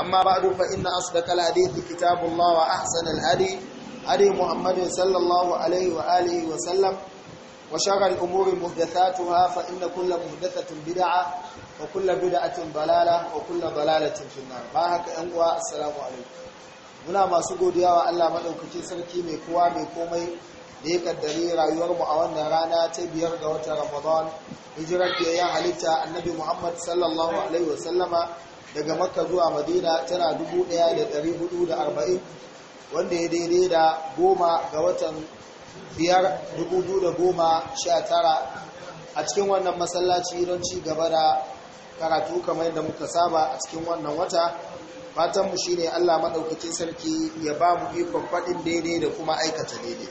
أما بعد فإن أصدق الحديث كتاب الله وأحسن الهدي هدي محمد صلى الله عليه وآله وسلم وشر الأمور محدثاتها فإن كل محدثة بدعة وكل بدعة ضلالة وكل ضلالة في النار باهك أنواع السلام عليكم muna masu godiyawa wa Allah madaukakin sarki mai kowa mai komai da ya kaddari rayuwarmu a wannan rana ta biyar ga watan Ramadan hijirar da ya halitta Annabi Muhammad sallallahu alaihi daga makka zuwa madina tana 1440 wanda ya daidai da goma ga watan biyar a cikin wannan masallaci don ci gaba da karatu kamar yadda muka saba a cikin wannan wata fatanmu shi ne allah maɗaukacin sarki ya ba mu ikon faɗin daidai da kuma aikata daidai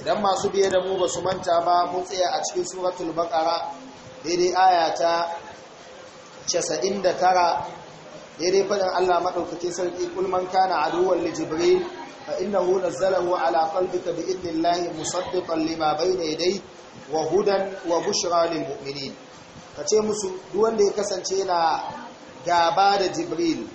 idan masu biye da mu ba su manta ba mun tsaye a cikin suratul baƙara daidai aya ta casa'in da tara daidai faɗin Allah maɗaukake sarki kulman kana aduwan li jibril fa innahu nazzalahu ala qalbika bi idnillahi musaddiqan lima bayna yadayhi wa hudan wa bushra lil mu'minin kace musu duk wanda ya kasance yana gaba da jibril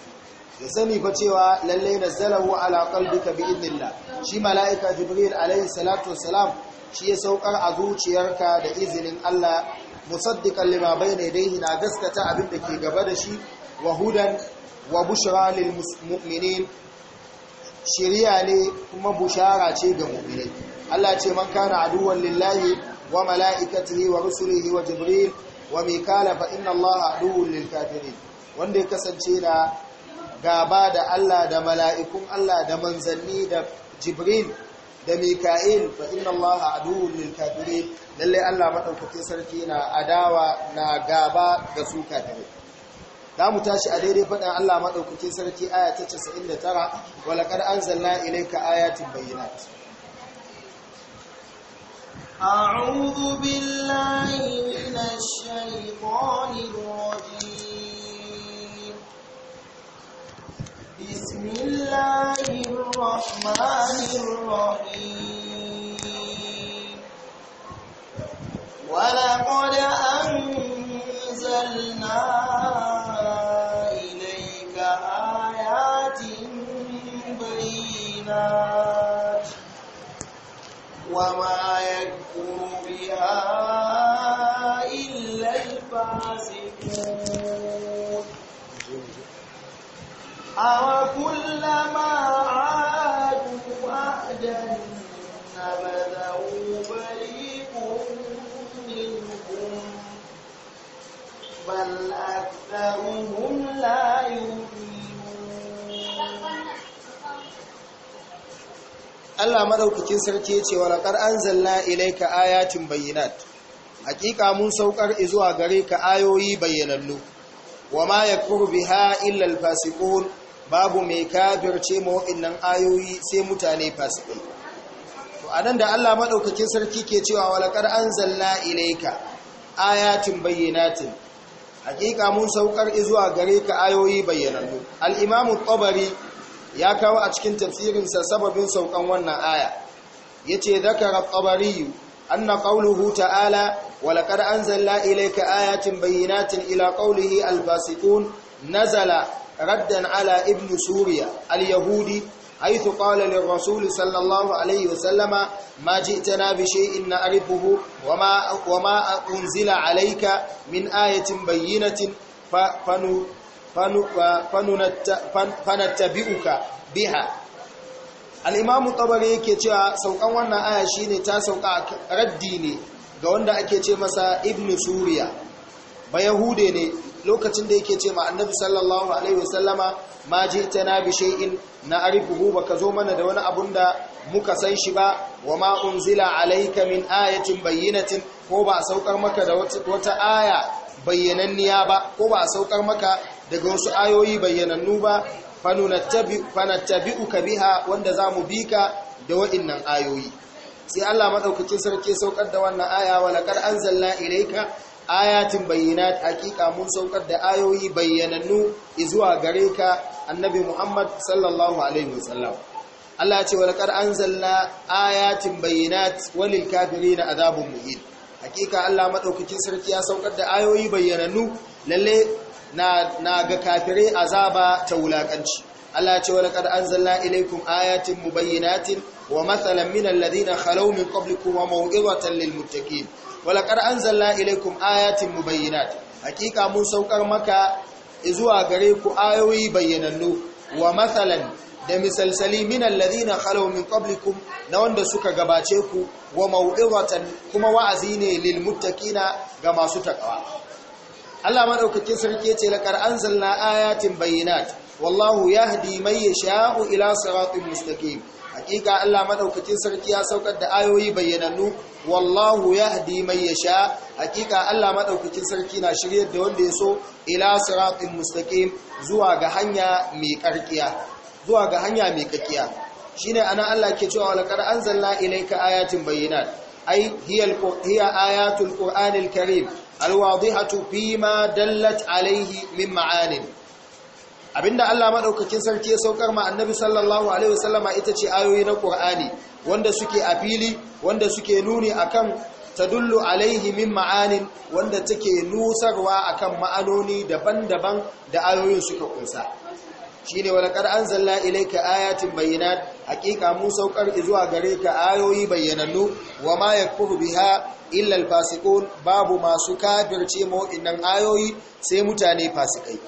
ya sani fa cewa lalle nazzalahu ala qalbika bi idnillah shi mala'ika jibril alayhi salatu wassalam shi ya saukar a zuciyarka da izinin Allah musaddiqan lima bayna yadayhi na gaskata abin da ke gaba da shi wa hudan wa bushra lil mu'minin shiriya ne kuma bushara ce ga mu'minai Allah ce man kana aduwan lillahi wa mala'ikatihi wa rusulihi wa jibril wa mikala fa inna Allah aduwwun lil kafirin wanda ya kasance da gaba da Allah da mala'ikun Allah da manzanni da jibril da mika'il fa inna allaha aduwwun lil kafirin lalle Allah madaukakin sarki na adawa na gaba ga su kafirai za mu tashi a daidai faɗin Allah maɗaukakin sarki aya ta 99 walakar an zalla ilaika ayatin bayyana a'udhu billahi minash shaytanir الرجيم بسم الله الرحمن الرحيم ولقد أنزلنا إليك آيات بينات وما يكفر بها Allah madaukakin sarki ce wa laqad anzalna ilayka ayatin bayyinat Haƙiƙa mun saukar izuwa gare ka ayoyi bayyanannu wa ma yakfuru biha illa babu mai kafirce ma waɗannan ayoyi sai mutane fasikai to a nan da Allah maɗaukakin sarki ke cewa an zalla ilaika ayatin bayyanatin hakika mun saukar zuwa gare ka ayoyi bayyanannu al ƙobari ya kawo a cikin tafsirinsa sababin saukan wannan aya Ya yace zakara an na qawluhu ta'ala walaqad anzalna ka ayatin bayyanatin ila qawlihi al-fasiqun nazala ردا على ابن سوريا اليهودي حيث قال للرسول صلى الله عليه وسلم ما جئتنا بشيء نعرفه وما وما انزل عليك من آية بينة فنو فنو فنتبئك بها الإمام طبري yake cewa saukan wannan aya shine ta sauka raddi ne ga wanda ake ce masa ibn suriya ba yahude ne lokacin da yake ce ma annabi sallallahu alaihi wasallama ma tana bi shay'in ba ka zo mana da wani abun da muka san shi ba wa ma unzila alayka min ayatin bayyinatin ko ba saukar maka da wata aya bayyananniya ba ko ba saukar maka daga wasu ayoyi bayyanannu ba fanattabi'uka biha wanda za zamu bika da waɗannan ayoyi sai Allah madaukakin sarki saukar da wannan aya wa laqad anzalna ilayka ayatin bayyanat hakika mun saukar da ayoyi bayyanannu izuwa gare ka annabi Muhammad sallallahu alaihi wasallam Allah ya ce wa laqad anzalna ayatin bayyinat walil kafirin adhabun muhin hakika Allah madaukakin sarki ya saukar da ayoyi bayyanannu lalle na na ga kafirai azaba ta wulakanci Allah ya ce wa laqad anzalna ilaykum ayatin mubayyinatin wa mathalan minal ladina khalaw min qablikum wa maw'izatan lil muttaqin walaqad anzalna ilaykum ayatin mubayyinat hakika mun saukar maka zuwa gare ku ayoyi bayyanannu wa mathalan da misalsali min alladhina khalaw min qablikum na wanda suka gabace ku wa mau'izatan kuma wa'azi ne lil muttaqina ga masu taƙawa. Allah madaukakin sarki yace laqad anzalna ayatin bayyinat wallahu yahdi man yasha'u ila siratin mustaqim haƙiƙa Allah madaukakin sarki ya saukar da ayoyi bayyanannu wallahu yahdi man yasha haƙiƙa Allah madaukakin sarki na shiryar da wanda ya so ila siratin mustaqim zuwa ga hanya mai karkiya zuwa ga hanya mai shine ana Allah ke cewa walaqad anzalna ilayka ayatin bayyinat ay hiya hiya ayatul qur'anil karim alwadihatu fima dallat alayhi min ma'anin abinda Allah madaukakin sarki ya saukar ma annabi sallallahu alaihi wasallama ita ce ayoyi na Qur'ani wanda suke a fili wanda suke nuni akan tadullu alaihi min ma'anin wanda take nusarwa akan ma'anoni daban-daban da ayoyin suka kunsa shine wala qad anzalna ilayka ayatin bayyinat haqiqa mu saukar zuwa gare ka ayoyi bayyanannu wama yakfuru biha illa alfasiqun babu masu kafirce mu ayoyi sai mutane fasikai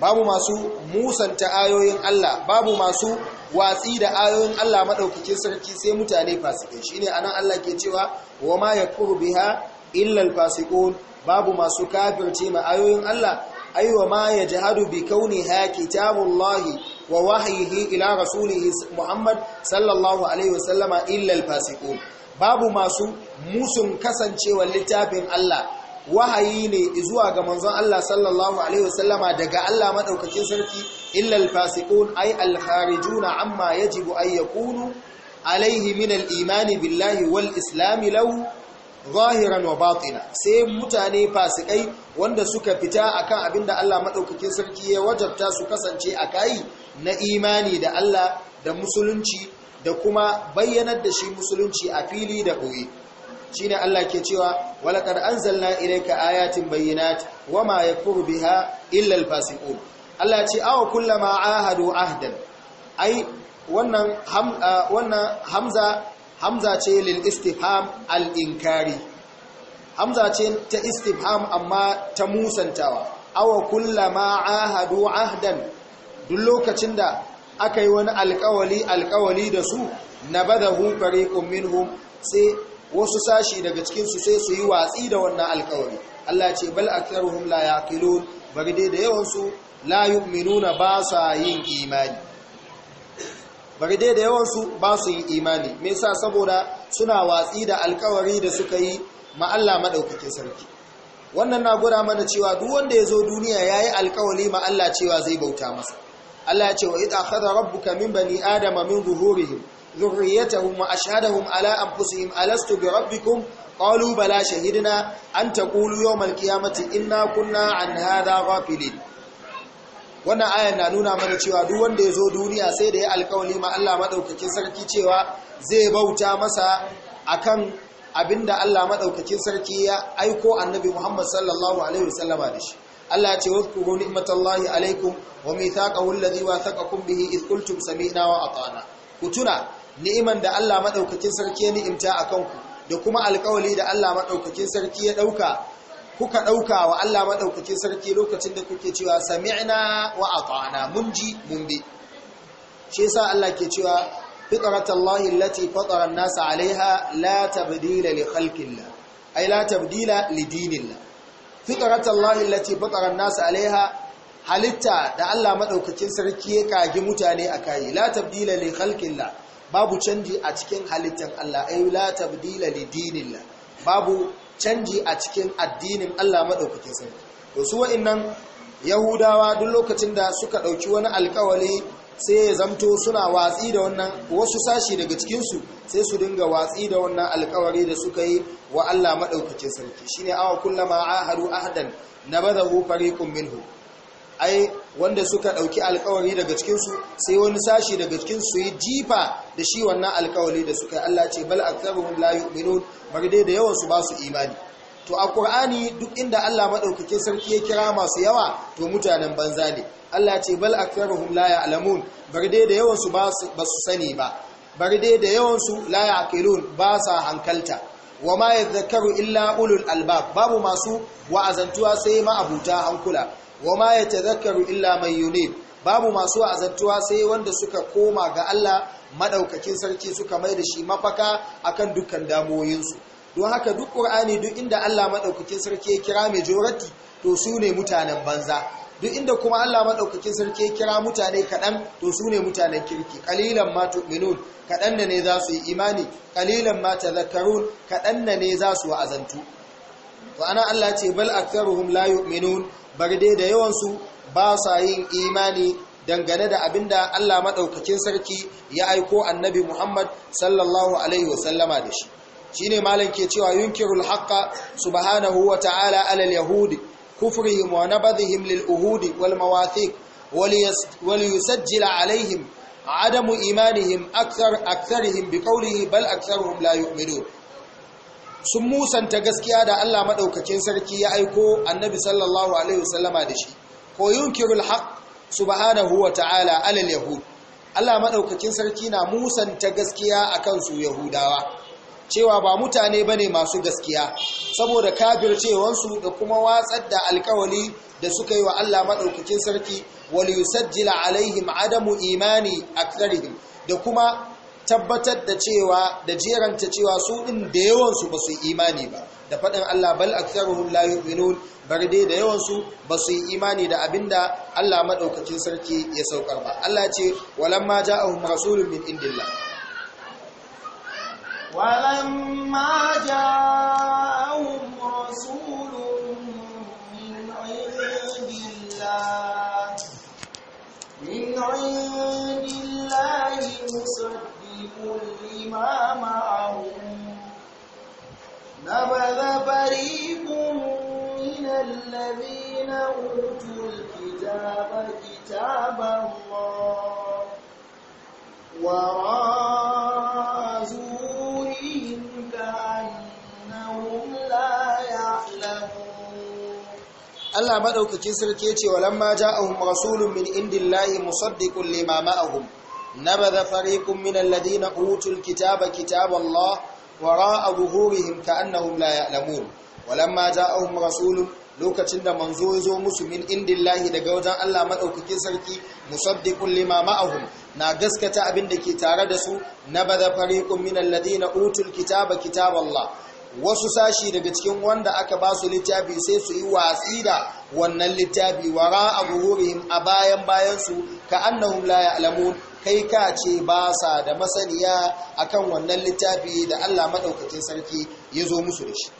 babu masu musanta ayoyin Allah babu masu watsi da ayoyin Allah madaukakin sarki sai mutane fasikai shine anan Allah ke cewa wama yakuru biha illa alfasiqun babu masu kafirci ma ayoyin Allah aiwa ma yajhadu bi kauniha kitabullahi wa wahyihi ila rasulihi Muhammad sallallahu alaihi wasallama illa alfasiqun babu masu musun kasancewar littafin Allah wahayi ne zuwa ga manzon Allah sallallahu alaihi wasallama daga Allah madaukakin sarki illal fasiqun ay al kharijuna amma yajibu ay yakunu alaihi min al imani billahi wal islami law zahiran wa batina sai mutane fasikai wanda suka fita akan abinda Allah madaukakin sarki ya wajabta su kasance a na imani da Allah da musulunci da kuma bayyanar da shi musulunci a fili da ɓoye. shine Allah ke cewa walaqad anzalna ilayka ayatin bayyinat wama yakfuru biha illa alfasiqun Allah ce aw kullama ahadu ahdan ai wannan wannan hamza hamza ce lil istifham al inkari hamza ce ta istifham amma ta musantawa aw kullama ahadu ahdan duk lokacin da aka yi wani alkawali alkawali da su nabadahu fariqun minhum sai wasu sashi daga cikinsu sai su yi watsi da wannan alkawari Allah ce bal aktharuhum la yaqilun bari dai da yawansu la yu'minuna ba sa yin imani bari dai da yawansu ba su yi imani me yasa saboda suna watsi da alkawari da suka yi ma Allah sarki wannan na gura mana cewa duk wanda ya zo duniya yayi alkawari ma Allah cewa zai bauta masa Allah ya ce wa idha akhadha rabbuka min bani adama min zuhurihim ذريتهم وأشهدهم على أنفسهم ألست بربكم قالوا بلى شهدنا أن تقولوا يوم القيامة إنا كنا عن هذا غافلين wannan aya na nuna mana cewa duk wanda ya zo duniya sai da ya alkawali ma Allah madaukakin sarki cewa zai bauta masa akan abinda Allah madaukakin sarki ya aiko annabi Muhammad sallallahu alaihi wasallama da shi Allah ya ce wazkuru ni'matallahi alaikum wa mithaqahu alladhi wathaqakum bihi id qultum sami'na wa ata'na ku tuna ni'iman da Allah madaukakin sarki ya ni'imta a kanku. da kuma alƙawali da Allah madaukakin sarki ya dauka kuka ɗauka wa Allah madaukakin sarki lokacin da kuke cewa sami'na wa ata'na mun ji mun bi shi yasa Allah ke cewa fitratallahi allati fatara an-nasa 'alayha la tabdila li khalqillah ay la tabdila li dinillah fitratallahi allati fatara an-nasa 'alayha halitta da Allah maɗaukakin sarki ya kage mutane a la tabdila li khalqillah babu canji a cikin halittan Allah ay la tabdila li dinillah babu canji a cikin addinin Allah madaukakin sarki to su wa'annan yahudawa duk lokacin da suka ɗauki wani alkawali sai ya zamto suna watsi da wannan wasu sashi daga cikinsu sai su dinga watsi da wannan alkawari da suka yi wa Allah maɗaukacin sarki shi ne awa kullama aharu ahadan na da hu fariƙun minhu ai wanda suka ɗauki alkawari daga cikinsu sai wani sashi daga cikinsu yi jifa da shi wannan alkawari da suka yi Allah ce bal aktaruhum la yu'minun bar dai da yawansu ba su imani to a Kur'ani duk inda Allah maɗaukakin sarki ya kira masu yawa to mutanen banza ne Allah ce bal aktaruhum la ya'lamun bar dai da yawansu ba su sani ba bar dai da yawansu la ya'qilun ba sa hankalta wa ma yadhakkaru illa ulul albab babu masu wa'azantuwa sai ma abuta hankula wa ma yatadhakkaru illa mai yuni babu masu azantuwa sai wanda suka koma ga Allah maɗaukakin sarki suka mai da shi mafaka akan dukkan damuwoyinsu don haka duk ƙur'ani duk inda Allah madaukakin sarki ya kira jorati to su ne mutanen banza duk inda kuma Allah maɗaukakin sarki ya kira mutane kaɗan to su ne mutanen kirki Ƙalilan ma tu'minun kaɗan da ne za su yi imani Ƙalilan ma tadhakkarun kaɗan da ne za su wa'azantu to ana Allah ce bal aktharuhum la yu'minun bar dai da yawansu ba sa yin imani dangane da abinda Allah maɗaukakin sarki ya aiko annabi Muhammad sallallahu alaihi wasallama da shi shine malam ke cewa yunkirul haqqa subhanahu wa ta'ala alal yahudi kufrihim wa nabadhihim lil uhudi wal mawathiq wal yusajjil alaihim عدم bi أكثر أكثرهم بقوله بل أكثرهم لا يؤمنون sun musanta gaskiya da Allah maɗaukakin sarki ya aiko annabi sallallahu alaihi wasallama da shi ko yunkirul haq subhanahu wa ta'ala alal yahud Allah maɗaukakin sarki na musanta gaskiya a kansu yahudawa cewa ba mutane ba ne masu gaskiya saboda kafircewansu da kuma watsar da alkawali da suka yi wa Allah maɗaukakin sarki wal yusajjila alaihim adamu imani a da kuma tabbatar da cewa da jeranta cewa su ɗin da yawansu ba su yi imani ba da faɗin Allah bal aktharuhum la yu'minun bar dai da yawansu ba su yi imani da abinda Allah maɗaukacin sarki ya saukar ba Allah ce walamma ja'ahum rasulun min indillah walamma ja'ahum rasulun min indillah min indillah musaddiq كل ما معهم نبذ فريق من الذين أوتوا الكتاب كتاب الله وراء زورهم كأنهم لا يعلمون Allah madaukakin sarki yace walamma ja'ahum rasulun min indillahi musaddiqun lima ma'ahum نبذ فريق من الذين أوتوا الكتاب كتاب الله وراء ظهورهم كأنهم لا يعلمون ولما جاءهم رسول lokacin da manzo musumin zo musu daga wajen Allah madaukakin sarki musaddiqun lima ma'ahum na gaskata abinda ke tare da su Na fariqun min alladhina utul kitaba kitaballah wasu sashi daga cikin wanda aka ba su littafi sai su yi watsi wannan littafi wara a buhurihim a bayan bayansu su ka annahum la kai ka ce ba sa da masaniya akan wannan littafi da Allah madaukakin sarki ya zo musu da shi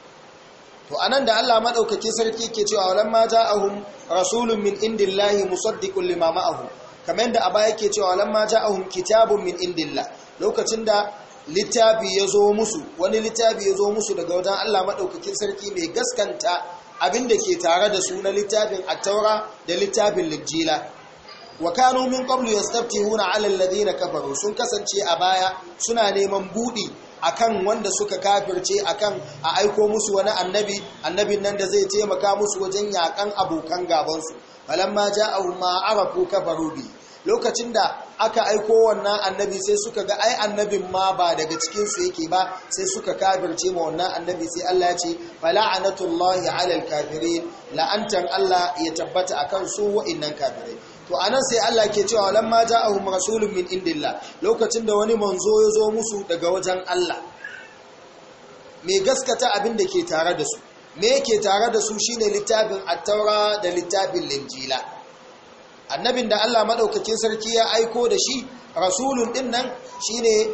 to anan da Allah madaukakin sarki ke cewa walan mata ahun rasulun min indillahi musaddiqun lima ma'ahu kamar da aba yake cewa walan mata ahun kitabun min indillah lokacin da littafi ya zo musu wani littafi ya zo musu daga wajen Allah maɗaukakin sarki mai gaskanta abin da ke tare da su na littafin attaura da littafin lijjila wa kanu min qablu yastabtihuna 'ala alladhina kafaru sun kasance a baya suna neman budi akan wanda suka kafirce akan a aiko musu wani annabi annabin nan da zai taimaka musu wajen yakan abokan gaban su falamma ja'ahum ma arafu kafaru bi lokacin da aka aiko wannan annabi sai suka ga ai annabin ma ba daga cikinsu yake ba sai suka kafirce ma wannan annabi sai Allah ya ce fala'anatullahi alal kafirin la'antan Allah ya tabbata akan su wa'innan kafirai to anan sai Allah ke cewa lamma ja'ahum rasulun min indillah lokacin da wani manzo ya zo musu daga wajen Allah me gaskata abin da ke tare da su me yake tare da su shine littafin at-taura da littafin linjila annabin da Allah madaukakin sarki ya aiko da shi rasulun din nan shine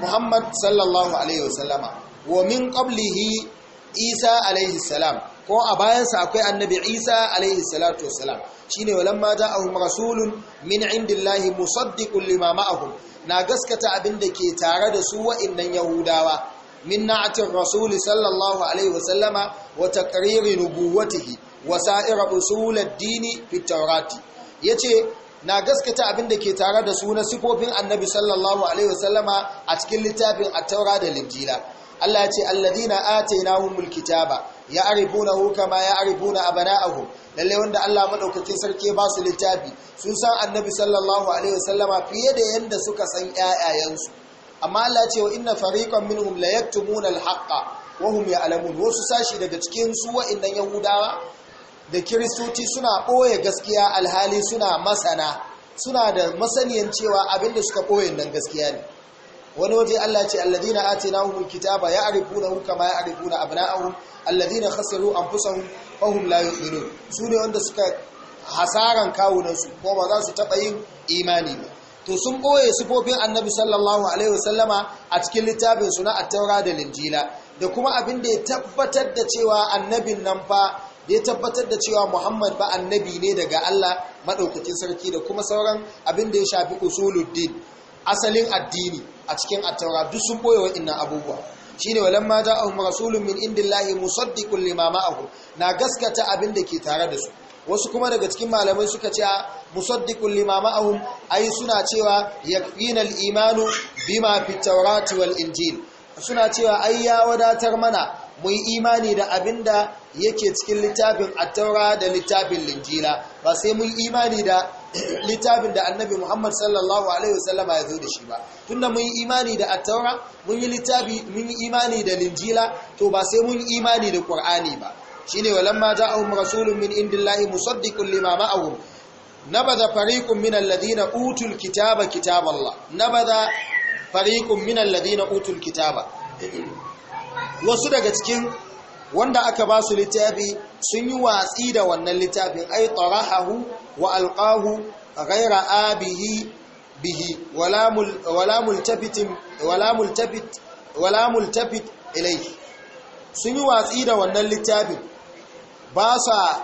Muhammad sallallahu alaihi wasallama wa min qablihi Isa alaihi salam ko a bayansa akwai annabi isa alaihi salatu wassalam shine walamma ja'ahum rasulun min indillahi musaddiqun lima ma'ahum na gaskata abin da ke tare da su wa'innan yahudawa min na'atin rasul sallallahu alaihi wasallama wa taqriri nubuwwatihi wa sa'ira usul ad-din fi tawrati yace na gaskata abin da ke tare da su na sifofin annabi sallallahu alaihi wasallama a cikin littafin at-taura da linjila Allah ya ce alladhina atainahumul kitaba ya'rifunahu kama bana abana'ahum lalle wanda Allah madaukakin sarki ba su littafi sun san annabi sallallahu alaihi wasallama fiye da yanda suka san yayayansu amma Allah ya ce wa inna fariqan minhum la yaktumuna al wa hum ya'lamun wasu sashi daga cikin su wa'annan yahudawa da kiristoci suna ɓoye gaskiya alhali suna masana suna da masaniyan cewa abinda suka ɓoye nan gaskiya ne wani waje Allah ce alladina atinahumul kitaba ya'rifunahu kama ya'rifuna abna'ahum alladina khasaru anfusahum fahum la yu'minun su ne wanda suka hasaran kawunansu ko ba za su taba yin imani ba to sun boye sifofin annabi sallallahu alaihi wasallama a cikin littafin suna na at-taura da linjila da kuma abin da ya tabbatar da cewa annabin nan fa ya tabbatar da cewa Muhammad ba annabi ne daga Allah maɗaukacin sarki da kuma sauran abin da ya shafi usuluddin asalin addini a cikin attaura duk sun boye inna abubuwa shi shine walamma ja'ahum rasulun min indillahi musaddikun lima ahu na gaskata abin da ke tare da su wasu kuma daga cikin malamai suka ce ahu a ai suna cewa yakfina al-imanu bima fi injil suna cewa ai ya wadatar mana mu yi imani da abin da yake cikin littafin attaura da littafin linjila ba sai mun imani da littafin da annabi Muhammad sallallahu alaihi wasallama ya zo da shi ba tunda mun yi imani da attaura mun yi littafi mun yi imani da linjila to ba sai mun yi imani da Kur'ani ba Shi ne shine za'a umar rasulun min indillahi musaddiqun na ba za fariƙun minan ladina utul kitaba ba za fariƙun minan ladina utul kitaba wasu daga cikin wanda aka ba su littafi sun yi watsi da wannan littafin ai tarahahu wa alqahu ghaira abihi bihi wala multafitin wala multafit wala multafit ilayhi sun yi watsi da wannan littafin ba sa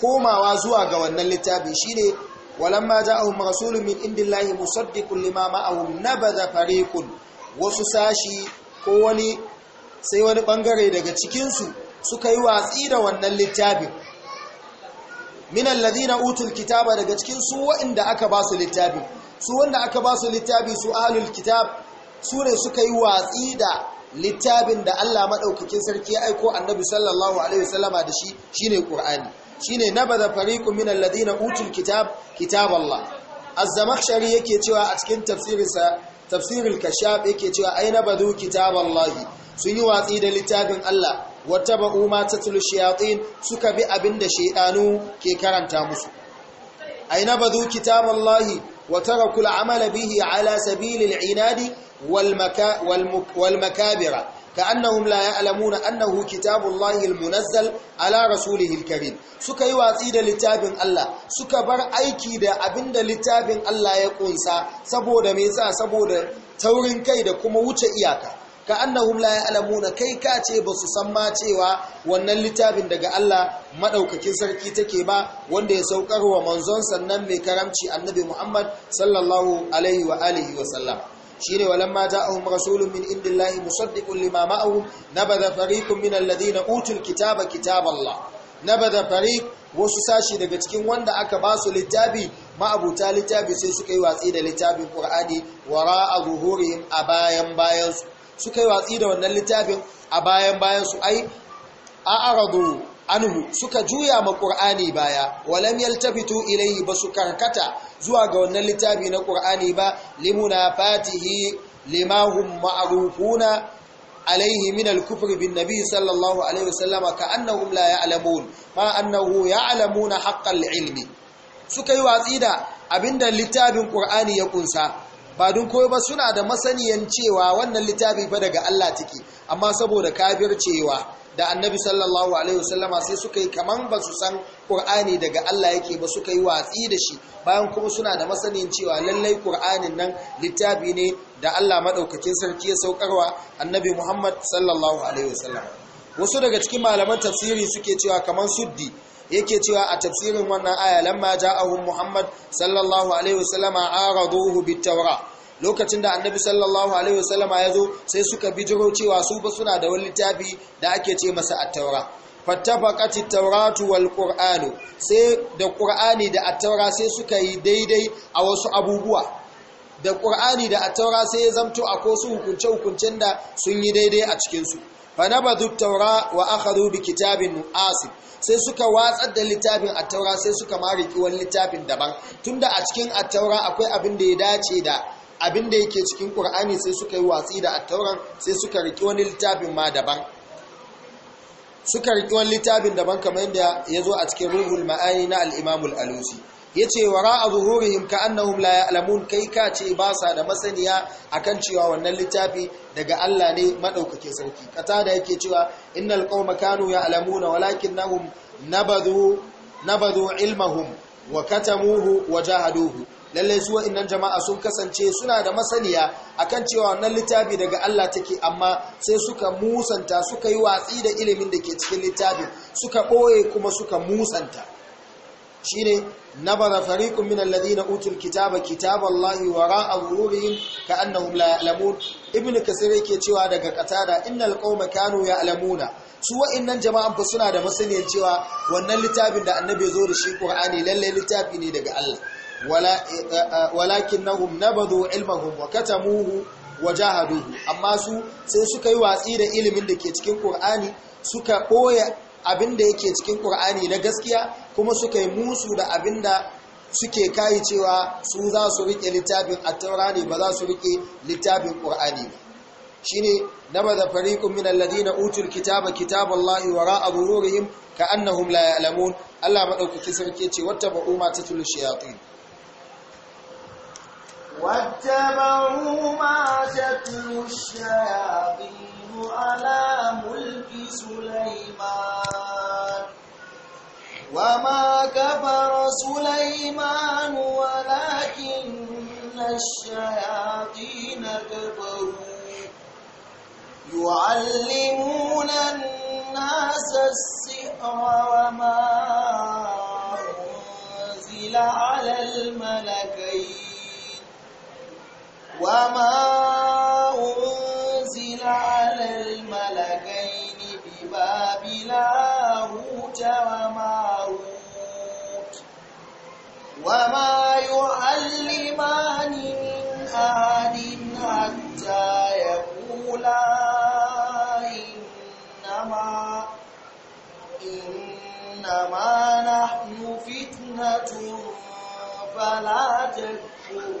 komawa zuwa ga wannan littafin shine walamma ja'ahum rasulun min indillahi musaddiqun lima ma'ahum nabadha fariqun wasu sashi ko wani sai wani bangare daga cikinsu suka yi watsi da wannan littafin minan lazina utul kitaba daga cikin su aka ba su littafin. su wanda aka ba su littafi su ahlul kitab su ne suka yi watsi da littafin da Allah maɗaukakin sarki ya aiko annabi sallallahu alaihi wasallama da shi shine qur'ani shine nabada fariqu minal ladina utul kitab kitaballah az-zamakhshari yake cewa a cikin tafsirinsa tafsirul kashaf yake cewa na nabadu kitaballahi sun yi watsi da littafin Allah wata ba'u ma tatlu shayatin suka bi abin da shaydanu ke karanta musu aina badu kitaballahi wa tarakul amala bihi ala sabilil inadi wal maka wal makabira كأنهم لا يعلمون أنه كتاب الله ala على رسوله suka yi watsi da littafin Allah suka bar aiki da abin da littafin Allah ya kunsa saboda me yasa saboda taurin kai da kuma wuce iyaka ka annahum la ya'lamuna kai ka ce ba su san ma cewa wannan littafin daga Allah madaukakin sarki take ba wanda ya saukar wa manzon sannan mai karamci annabi Muhammad sallallahu alaihi wa alihi wa sallam shine walamma ja'ahum rasulun min indillahi musaddiqun lima ma'ahum nabadha fariqun min alladhina utul kitaba kitaballah nabadha fariq wasu sashi daga cikin wanda aka ba su littafi ma'abuta littafi sai suka yi watsi da littafin qur'ani wara'a zuhurihim a bayan bayansu suka yi watsi da wannan littafin a bayan bayan su ai a'radu anhu suka juya ma ƙur'ani baya walam yaltafitu ilayhi su karkata zuwa ga wannan littafi na ƙur'ani ba limuna fatihi limahum ma'rufuna alaihi min al-kufri bin nabi sallallahu alaihi wasallama ka annahum la ya'lamun ma annahu ya'lamuna haqqal ilmi suka yi watsi da abinda littafin ƙur'ani ya kunsa ba don koyo ba suna da masaniyan cewa wannan littafi fa daga Allah take amma saboda kafir cewa da annabi sallallahu alaihi wasallama sai suka yi kaman ba su san qur'ani daga Allah yake ba suka yi watsi da shi bayan kuma suna da masaniyan cewa lallai qur'anin nan littafi ne da Allah madaukakin sarki ya saukarwa annabi Muhammad sallallahu alaihi wasallam wasu daga cikin malaman tafsiri suke cewa kaman suddi yake cewa a tafsirin wannan aya lamma ja'ahum muhammad sallallahu alaihi wasallama araduhu bitawra lokacin da annabi sallallahu alaihi wasallama ya zo sai suka bijiro cewa su ba suna da wani littafi da ake ce masa at-taura fattafaqati at-tauratu wal qur'anu sai da qur'ani da at-taura sai suka yi daidai a wasu abubuwa da qur'ani da at-taura sai ya zamto a ko su hukunce hukuncen da sun yi daidai a cikinsu. fanabadhu at-taura wa akhadhu bi kitabin asib sai suka watsar da littafin at sai suka mariki wani littafin daban tunda a cikin at akwai abin da ya dace da abin da yake cikin qur'ani sai suka yi watsi da at-tauran sai suka riki wani littafin ma daban suka riki wani littafin daban kamar yadda ya zo a cikin ruhul ma'ani na al-imam al-alusi yace wara ka annahum la ya'lamun kai ka ce ba sa da masaniya akan cewa wannan littafi daga Allah ne madaukake sarki kata da yake cewa innal qauma kanu ya'lamuna nahum nabadhu nabadhu ilmahum wa katamuhu wa jahaduhu lalle su innan jama'a sun kasance suna da masaniya akan cewa wannan littafi daga Allah take amma sai suka musanta suka yi watsi da ilimin da ke cikin littafin suka ɓoye kuma suka musanta shine نبر فريق من الذين أوتوا الكتاب كتاب الله وراء ظهورهم كأنهم لا يعلمون ابن كثير yake cewa daga katada innal qauma kanu ya'lamuna su wa'annan jama'an fa suna da masaniyar cewa wannan littafin da annabi zo da shi Qur'ani lalle littafi ne daga Allah wala walakinnahum nabadhu ilmahum wa katamuhu wa jahaduhu amma su sai suka yi watsi da ilimin da ke cikin Qur'ani suka koya abin da yake cikin ƙur'ani na gaskiya kuma suka yi musu da abin da suke kayi cewa su za su riƙe littafin attaura ne ba za su riƙe littafin ƙur'ani ba shi ne na ba da fariƙun min alladina utul kitaba kitaballahi wara abururihim ka annahum la Allah maɗaukaki sarki ce wata ba'uma ta tulu واتبعوا ما تتلو الشياطين على ملك سليمان وما كفر سليمان ولكن الشياطين كفروا يعلمون الناس السحر وما أنزل على الملكين وما أنزل على الملكين ببابل هاروت وماروت وما يعلمان من أحد حتى يقولا إنما إنما نحن فتنة فلا تكفر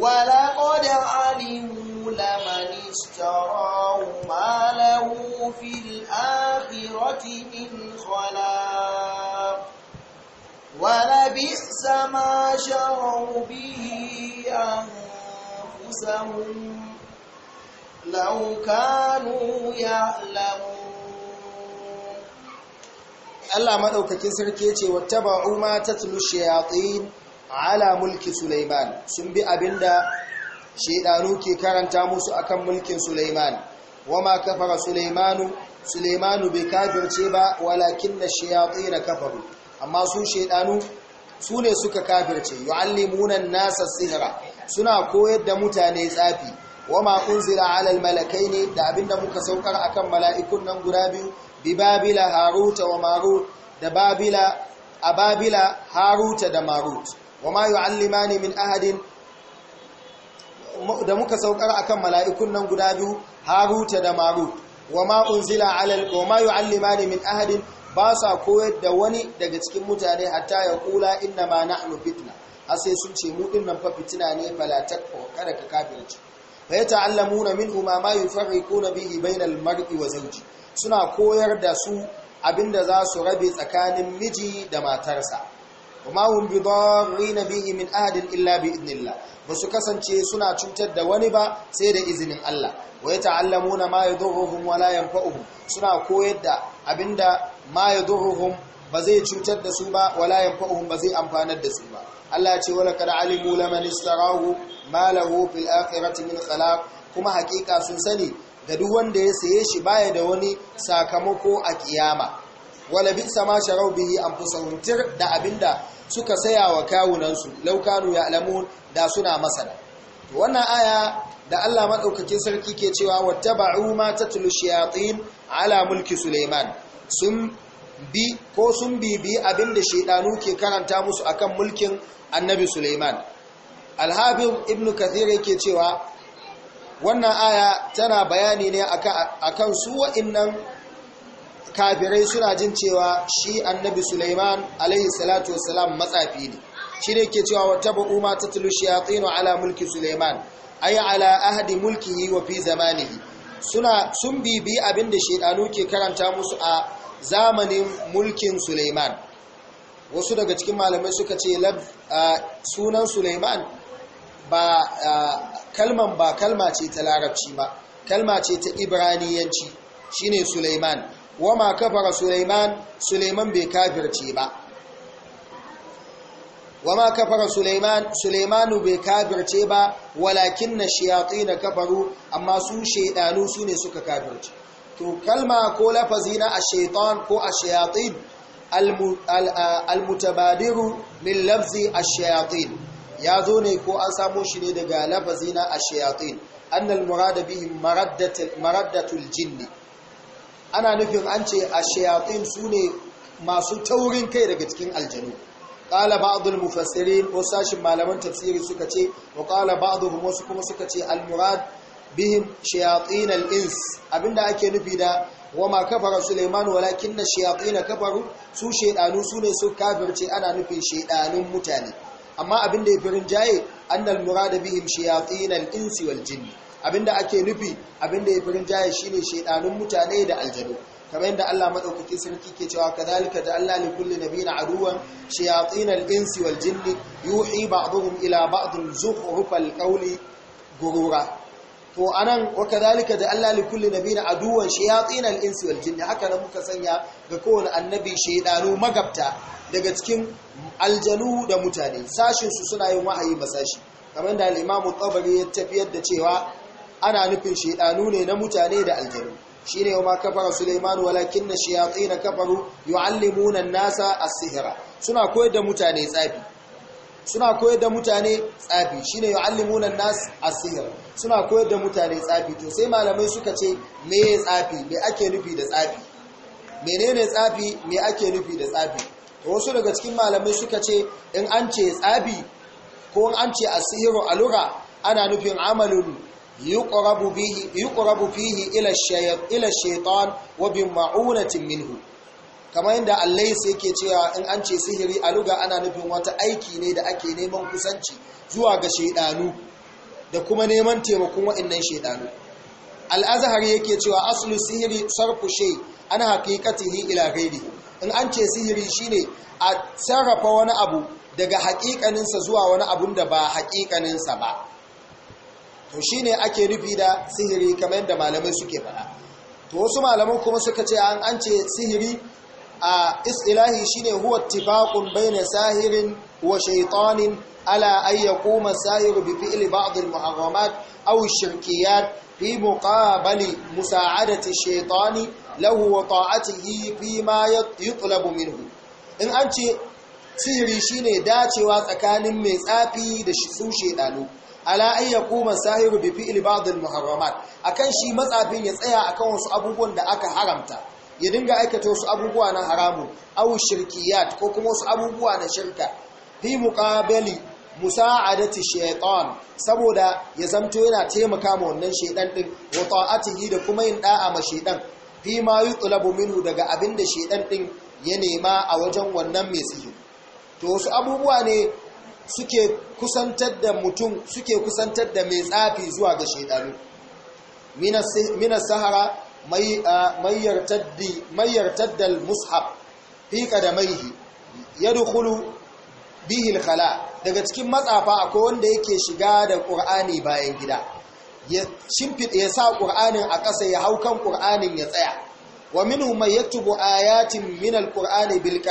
ولقد علموا لمن اشتراه ما له في الآخرة من خلاق ولبئس ما شروا به أنفسهم لو كانوا يعلمون Allah maɗaukakin sarki ya ce wattaba'u ma tatlu shayatin ala mulki Sulaiman sun bi abinda shaidanu ke karanta musu akan mulkin Sulaiman wama kafara Sulaimanu Sulaimanu bai kafirce ba walakinna shayatin kafaru amma su shaidanu su ne suka kafirce yu'allimuna an-nasa sihra suna koyar da mutane tsafi wama unzila ala al-malakaini da abinda muka saukar akan mala'ikun nan guda biyu bi babila haruta wa marut da babila a babila haruta da marut wa ma yu'allimani min ahadin da muka saukar a kan mala'ikun nan guda biyu haruta da marut wa ma unzila alal wa ma yu'allimani min ahadin ba sa koyar da wani daga cikin mutane hatta ya kula inna ma nahnu fitna a sai sun ce mu nan fa fitina ne falatar takfa kada ka kafirci fa yata'allamuna minhu ma ma yufarriquna bihi bainal mar'i wa zawji suna koyar da su abinda za su rabe tsakanin miji da matarsa kuma hun bi na bihi min ahadin illa bi idnillah ba su kasance suna cutar da wani ba sai da izinin Allah wa yata'allamuna ma yadurruhum wa la yanfa'uhum suna koyar da abinda ma yadurruhum ba zai cutar da su ba wala yanfa'uhum ba zai amfanar da su ba Allah ce wala kad alimu laman istarahu ma lahu fil akhirati min khalaq kuma hakika sun sani ga duk wanda ya saye shi baya da wani sakamako a kiyama wala bi sama sharau bihi anfusahum tir da abinda suka saya wa kawunansu laukanu ya alamun da suna masana wannan aya da Allah madaukakin sarki ke cewa wattaba'u ma tatlu shayatin ala mulki Suleiman sun bi ko sun bibi abinda shaydanu ke karanta musu akan mulkin annabi Suleiman al Ibn Kathir yake cewa wannan aya tana bayani ne akan akan su wa'innan kafirai suna jin cewa shi annabi Sulaiman alaihi salatu wasalam matsafi ne shi ne ke cewa wata ba'u ta tatlu shayatin ala mulki Sulaiman ay ala mulki yi wa fi zamanihi suna sun bibi abinda shaidanu ke karanta musu a zamanin mulkin Sulaiman wasu daga cikin malamai suka ce sunan Sulaiman ba kalman ba kalma ce ta larabci ba kalma ce ta ibraniyanci shine Sulaiman Wama kafara Sulaiman bai kafirce ba wama ma kafara Sulaimanu bai kafirce ba walakin na shayatin kafaru amma su shaidanu su ne suka kafirce to kalma ko lafazi na a shaitan ko a shayatin al-mutabadiru min lafzi a shayatin ya zo ne ko an samo shi ne daga lafazi na a shayatin annal murada maraddatul jinni ana nufin an ce a shayatin su ne masu taurin kai daga cikin aljanu ƙala ba'dul mufassiri ko sashin malaman tafsiri suka ce wa qala ba'dhum wasu kuma suka ce al bihim shayatin al abinda ake nufi da wama kafara suleiman walakinna shayatin kafaru su shedanu su ne su kafirce ana nufin shaidanun mutane amma abinda ya fi rinjaye annal murad bihim shayatin al insi wal jinni abinda ake nufi abinda ya firin jaya shine shaidanun mutane da aljanu kamar yadda Allah madaukakin sarki ke cewa kadhalika Allah li kulli nabiyyin aduwan shayatin al ins wal jinni yuhi ba'dhum ila zuhruf al qawli gurura to anan wa kadhalika Allah li kulli nabiyyin aduwan shayatin al-insi wal jinni haka nan muka sanya ga kowane annabi shaydanu magabta daga cikin aljanu da mutane sashin su suna yin wahayi masashi kamar da al-imamu tabari ya tafiyar da cewa ana nufin shaidanu ne na mutane da aljanu shine wa ma kafara Sulaiman walakinna shayatin kafaru yuallimuna an-nasa as-sihra suna koyar da mutane tsafi suna koyar da mutane tsafi shine yuallimuna an-nas as-sihr suna koyar da mutane tsafi to sai malamai suka ce me tsafi me ake nufi da tsafi menene tsafi me ake nufi da tsafi to wasu daga cikin malamai suka ce in an ce tsafi ko an ce as a lura ana nufin amalin. yuqrabu bihi yuqrabu fihi ila ila shaytan wa bi ma'unatin minhu kamar yadda Allah yake cewa in an ce sihiri a luga ana nufin wata aiki ne da ake neman kusanci zuwa ga shaydanu da kuma neman taimakon waɗannan shaydanu al-azhar yake cewa aslu sihiri sarfu shay ana haqiqatihi ila ghairi in an ce sihiri shine a sarrafa wani abu daga haƙiƙaninsa zuwa wani abun da ba haƙiƙaninsa ba to ake nufi da sihiri kamar yadda malamai suke faɗa to wasu malaman kuma suka ce an ance ce sihiri a istilahi shine huwa baina sahirin wa shaytanin ala ayya kuma sahiru bi fi'il ba'd al-muharramat aw ash fi muqabali musa'adati shaytani lahu wa ta'atihi fi ma yutlabu minhu in an ce sihiri shine dacewa tsakanin mai tsafi da su shedanu ala an yaquma sahibu bi fi'li ba'd al-muharramat akan shi matsafin ya tsaya akan wasu abubuwan da aka haramta ya dinga aikata wasu abubuwa na haramu aw shirkiyat ko kuma wasu abubuwa na shirka fi muqabali musa'adati shaytan saboda ya zamto yana taimaka ma wannan shaydan din wa ta'atihi da kuma yin da'a ma shaydan fi ma yutlabu minhu daga abinda shaydan ɗin ya nema a wajen wannan mai sihiri to wasu abubuwa ne suke kusantar da mutum suke kusantar da mai tsafi zuwa ga shaidanu minas sahara mayar taddal mushaf Fiƙa da maihi ya dukulu bihil khala daga cikin matsafa akwai wanda yake shiga da ƙur'ani bayan gida ya sa ƙur'anin a ƙasa ya hau kan ƙur'anin ya tsaya wa minhu mai ayatin minal ƙur'ani bil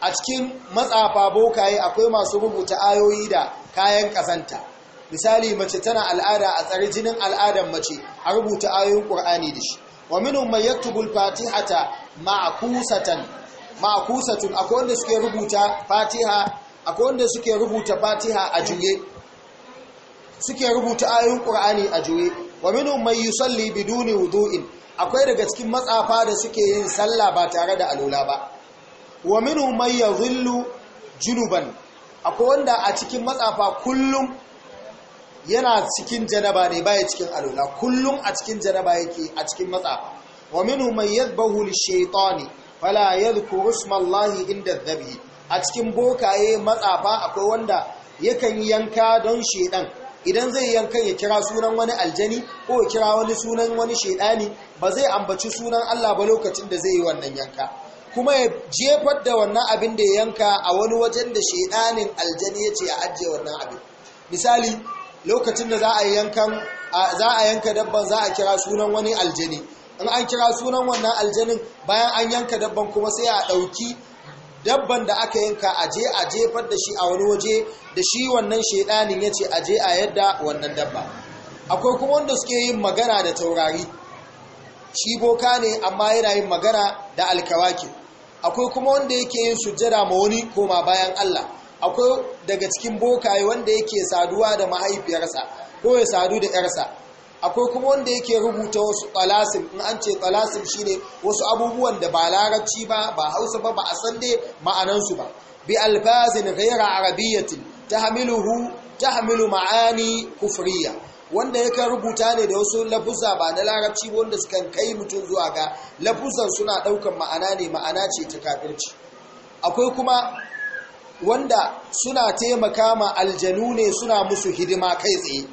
a cikin matsafa bokaye akwai masu rubuta ayoyi da kayan kazanta misali mace tana al'ada a tsari jinin al'adan mace a rubuta ayoyin ƙur'ani da shi wa minu mai yaktubu al-fatihata ma'kusatan ma'kusatun akwai wanda suke rubuta fatiha akwai wanda suke rubuta fatiha a juye suke rubuta ayoyin qur'ani a juye wa minhum may yusalli biduni wudu'in akwai daga cikin matsafa da suke yin sallah ba tare da alola ba wa minhum man yadhillu junuban akwai wanda a cikin matsafa kullum yana cikin janaba ne baya cikin alula kullum a cikin janaba yake a cikin matsafa wa minhum man yadhbahu lishaytani fala yadhkuru ismallahi inda dhabhi a cikin bokaye matsafa akwai wanda yakan yanka don shedan idan zai yanka ya kira sunan wani aljani ko ya kira wani sunan wani shedani ba zai ambaci sunan Allah ba lokacin da zai yi wannan yanka kuma ya jefar da wannan abin da ya yanka a wani wajen da shaidanin aljani ya ce a ajiye wannan abin misali lokacin da za a yanka dabban za a kira sunan wani aljani in an kira sunan wannan aljanin bayan an yanka dabban kuma sai a ɗauki dabban da aka yanka a je a jefar da shi a wani waje da shi wannan shaidanin ya ce a je a yadda wannan dabba akwai kuma wanda suke yin magana da taurari shi boka ne amma yana yin magana da alkawaki akwai kuma wanda yake yin sujjada ma wani koma bayan Allah akwai daga cikin bokaye wanda yake saduwa da mahaifiyarsa ko ya sadu da yarsa akwai kuma wanda yake rubuta wasu talasim in an ce shi shine wasu abubuwan da ba larabci ba ba hausa ba ba a san dai ma'anansu ba bi alfazin ghayra arabiyyatin tahmiluhu tahmilu ma'ani kufuriya. wanda yakan rubuta ne da wasu lafuzza ba na larabci wanda sukan kai mutum zuwa ga lafuzzan suna ɗaukan ma'ana ne ma'ana ce ta kafirci akwai kuma wanda suna taimaka ma aljanu ne suna musu hidima kai tsaye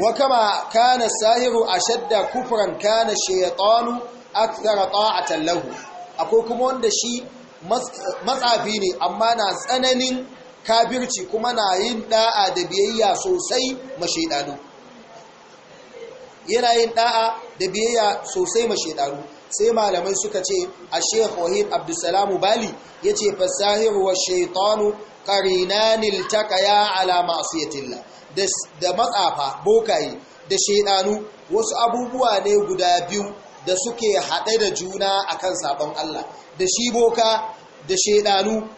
wa kama kana sahiru a shadda kufran kana shaytanu akthara ta'atan lahu akwai kuma wanda shi matsafi ne amma na tsananin kabirci kuma na yin da'a da biyayya sosai mashaidanu yana yin da'a da biyayya sosai mashaidanu sai malamai suka ce a sheikh wahid abdulsalamu bali ya ce fasahir wa shaitanu karinanil takaya ala yatilla da matsafa bokaye da shaidanu wasu abubuwa ne guda biyu da suke haɗe da juna akan sabon Allah da shi boka da shaidanu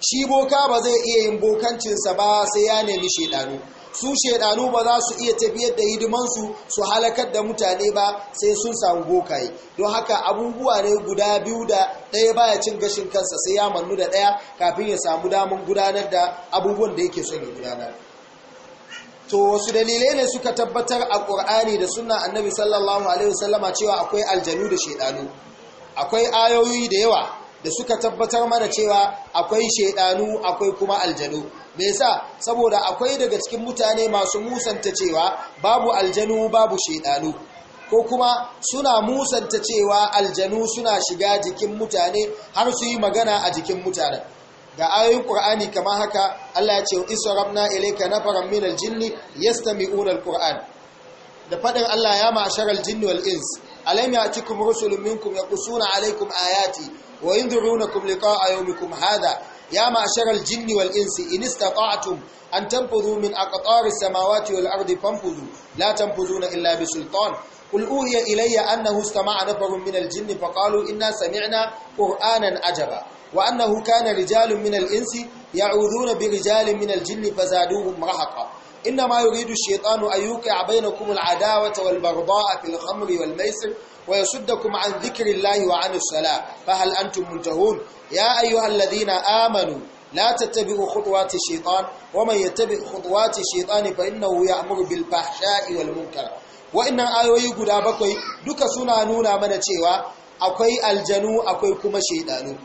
shi boka ba zai iya yin bokancinsa ba sai ya nemi shaidanu su shaidanu ba za su iya tafiyar da hidimansu su halakar da mutane ba sai sun samu bokaye don haka abubuwa ne guda biyu da ɗaya baya cin gashin kansa sai ya mannu da ɗaya kafin ya samu damun gudanar da abubuwan da yake son ya gudanar to wasu dalilai ne suka tabbatar a ƙur'ani da sunna annabi sallallahu alaihi wasallama cewa akwai aljanu da shaidanu akwai ayoyi da yawa da suka tabbatar mana cewa akwai shaidanu akwai kuma aljanu me yasa saboda akwai daga cikin mutane masu musanta cewa babu aljanu babu shaidanu ko kuma suna musanta cewa aljanu suna shiga jikin mutane har su yi magana a jikin mutane. ga ayoyin qur'ani kamar haka Allah ya ce israbna ilayka nafaran min aljinn yastami'una alquran da fadin Allah ya ma'ashar aljinni wal ins alam ya'tikum rusulun minkum yaqusuna alaykum ayati وينذرونكم لقاء يومكم هذا يا معشر الجن والإنس إن استطعتم أن تنفذوا من أقطار السماوات والأرض فانفذوا لا تنفذون إلا بسلطان قل أوهي إلي أنه استمع نفر من الجن فقالوا إنا سمعنا قرآنا عجبا وأنه كان رجال من الإنس يعوذون برجال من الجن فزادوهم رهقا إنما يريد الشيطان أن يوقع بينكم العداوة والبغضاء في الخمر والميسر wa yasuddakum an dhikrillahi wa anis sala fa hal antum muntahun ya ayyuhalladhina amanu لا تتبعوا خطوات الشيطان ومن يتبع خطوات الشيطان فإنه يأمر بالفحشاء والمنكر وإن آيوي guda bakwai duka suna nuna mana cewa akwai aljanu akwai kuma shaidanu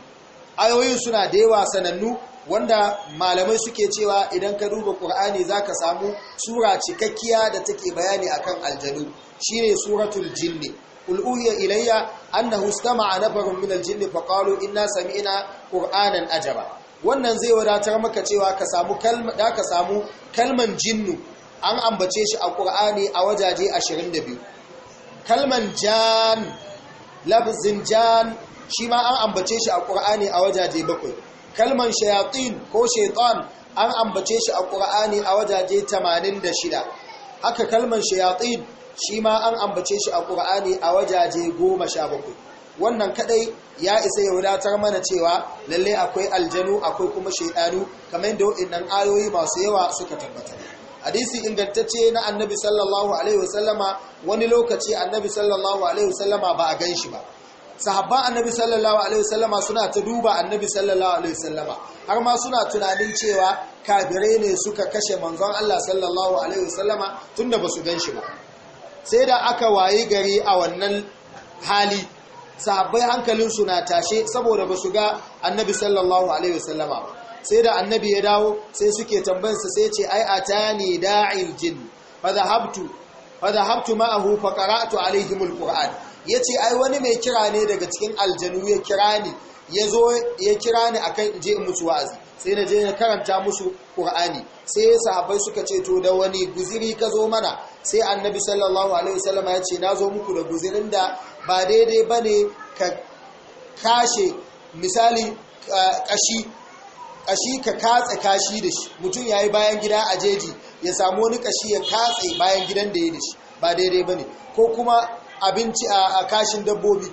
ayoyin suna da yawa sanannu wanda malamai suke cewa idan ka duba Qur'ani zaka samu sura cikakkiya da take bayani akan aljanu shine suratul jinni قل أوهي الي انه استمع نفر من الجن فقالوا إنا سمعنا قرانا أجبا wannan zai wadatar maka cewa ka samu da ka samu kalman jinnu an ambace shi a Qur'ani a wajaje 22 kalman jan labzin jan shi ma an ambace shi a Qur'ani a wajaje 7 kalman shayatin ko shaitan an ambace shi a Qur'ani a wajaje 86 haka kalman shayatin shi ma an ambace shi a ƙur'ani a wajaje goma sha bakwai wannan kadai ya isa ya wadatar mana cewa lalle akwai aljanu akwai kuma shaidanu kamar yadda waɗannan ayoyi masu yawa suka tabbatar hadisi ingantacce na annabi sallallahu alaihi wasallama wani lokaci annabi sallallahu alaihi wasallama ba a gan shi ba sahabban annabi sallallahu alaihi wasallama suna ta duba annabi sallallahu alaihi wasallama har ma suna tunanin cewa kabirai ne suka kashe manzon Allah sallallahu alaihi wasallama tunda gan shi ba sai da aka waye gari a wannan hali sahabbai hankalinsu na tashe saboda ba su ga annabi sallallahu alaihi wasallama sai da annabi ya dawo sai suke tambansa sai ce ai atani da'il jin fa dhahabtu ma'ahu fa qara'tu alaihim alquran yace ai wani mai kira ne daga cikin aljanu ya kira ni yazo ya kira ni akan je in musu wa'azi sai na je na karanta musu ƙur'ani sai sahabbai suka ce to da wani guziri ka zo mana sai annabi sallallahu alaihi wasallama ya ce na zo muku da guzirin da ba daidai ba ne ka kashe misali kashi kashi ka katse kashi da shi mutum ya yi bayan gida a jeji ya samu wani kashi ya katse bayan gidan da ya da shi ba daidai ba ne ko kuma abinci a kashin dabbobi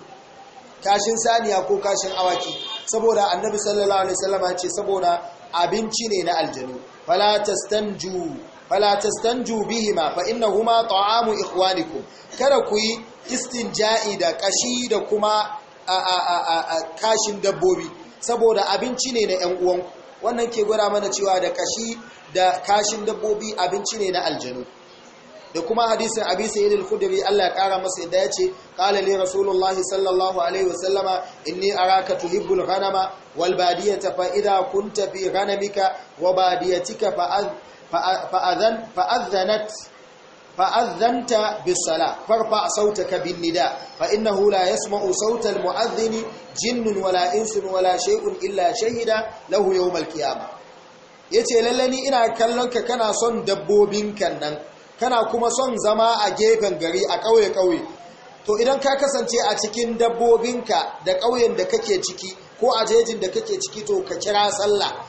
kashin saniya ko kashin awaki saboda annabi sallallahu alaihi wasallam ya ce saboda abinci ne na aljanu fala tastanju fala tastanju bihima fa innahuma ta'amu ikhwanikum kada ku yi istinja'i da kashi da kuma kashin dabbobi saboda abinci ne na ƴan uwanku wannan ke gwada mana cewa da kashi da kashin dabbobi abinci ne na aljanu da kuma hadisin abi sayyid al-khudri Allah ya kara masa yadda yace qala li rasulullah sallallahu alaihi wasallama inni araka tuhibbul ghanama wal badiyata fa idha kunta fi ghanamika wa badiyatika fa fa'adhan fa'adhanat fa'adhanta bis-sala farfa sautaka bin-nida fa innahu la yasma'u sautal mu'adhdhin jinnun wala insun wala shay'un illa shahida lahu yawm al-qiyamah yace lallani ina kallon ka kana son dabbobin kan nan kana kuma son zama a gefen gari a ƙauye-ƙauye to idan ka kasance a cikin dabbobinka da ƙauyen da kake ciki ko a jejin da kake ciki to ka kira sallah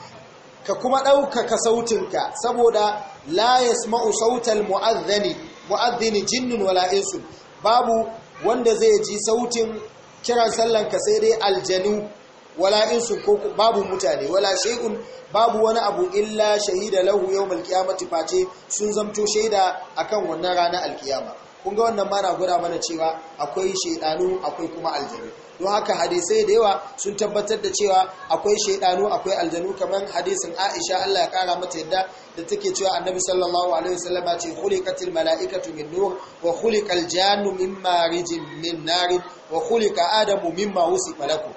ka kuma ɗaukaka sautinka saboda la yasma'u sautal mu'adhdhani mu'adhdhini jinnun wala insun babu wanda zai ji sautin kiran sallanka sai dai aljanu wala insu ko babu mutane wala shay'un babu wani abu illa shahida lahu yawmal qiyamati face sun zamto shaida akan wannan ranar alkiyama kun ga wannan mana gura mana cewa akwai shaidanu akwai kuma aljanu don haka hadisai da yawa sun tabbatar da cewa akwai shaidanu akwai aljanu kamar hadisin Aisha Allah ya kara mata yadda da take cewa Annabi sallallahu alaihi wasallam ya ce khuliqatil mala'ikatu min nur wa khuliqal jannu min marijin min nar wa khuliqa adamu mimma wusifa lakum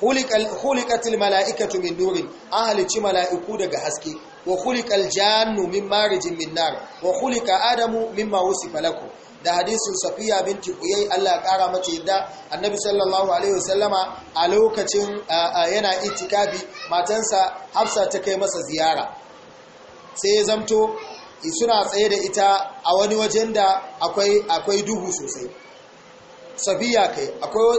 khuliqatil mala'ikatu min nurin an halici mala'iku daga haske wa khuliqal jannu min marijin min nar wa khuliqa adamu mimma wusifa lakum da hadisin safiya binti uyai Allah ya kara mata yadda annabi sallallahu alaihi wasallama a lokacin yana itikafi matansa hafsa ta kai masa ziyara sai ya zamto suna tsaye da ita a wani wajen da akwai duhu sosai safiya kai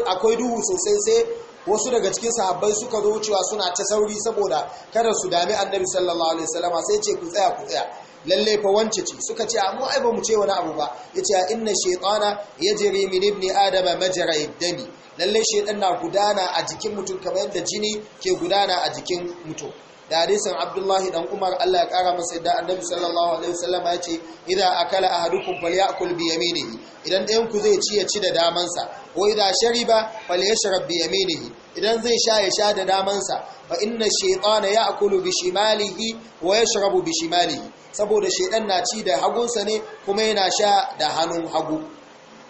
akwai duhu sosai sai wasu daga cikin sahabbai suka zo wucewa suna ta sauri saboda kada su dami annabi sallallahu alaihi wasallama sai ce ku tsaya ku tsaya lalle fa wance ce suka ce amma ai ba mu ce wani abu ba yace a inna shaytana yajri min ibni adama majra dami lalle shaytan na gudana a jikin mutum kamar yadda jini ke gudana a jikin mutum da hadisin abdullahi dan umar allah ya kara masa yadda annabi sallallahu alaihi wasallam ya ce idza akala ahadukum falyakul bi yaminihi idan ɗayan ku zai ci ya ci da damansa ko idza shariba falyashrab bi yaminihi idan zai sha ya sha da damansa fa inna shaytana ya'kulu bi shimalihi wa yashrabu bi shimalihi saboda shaytan na ci da hagunsa ne kuma yana sha da hannun hagu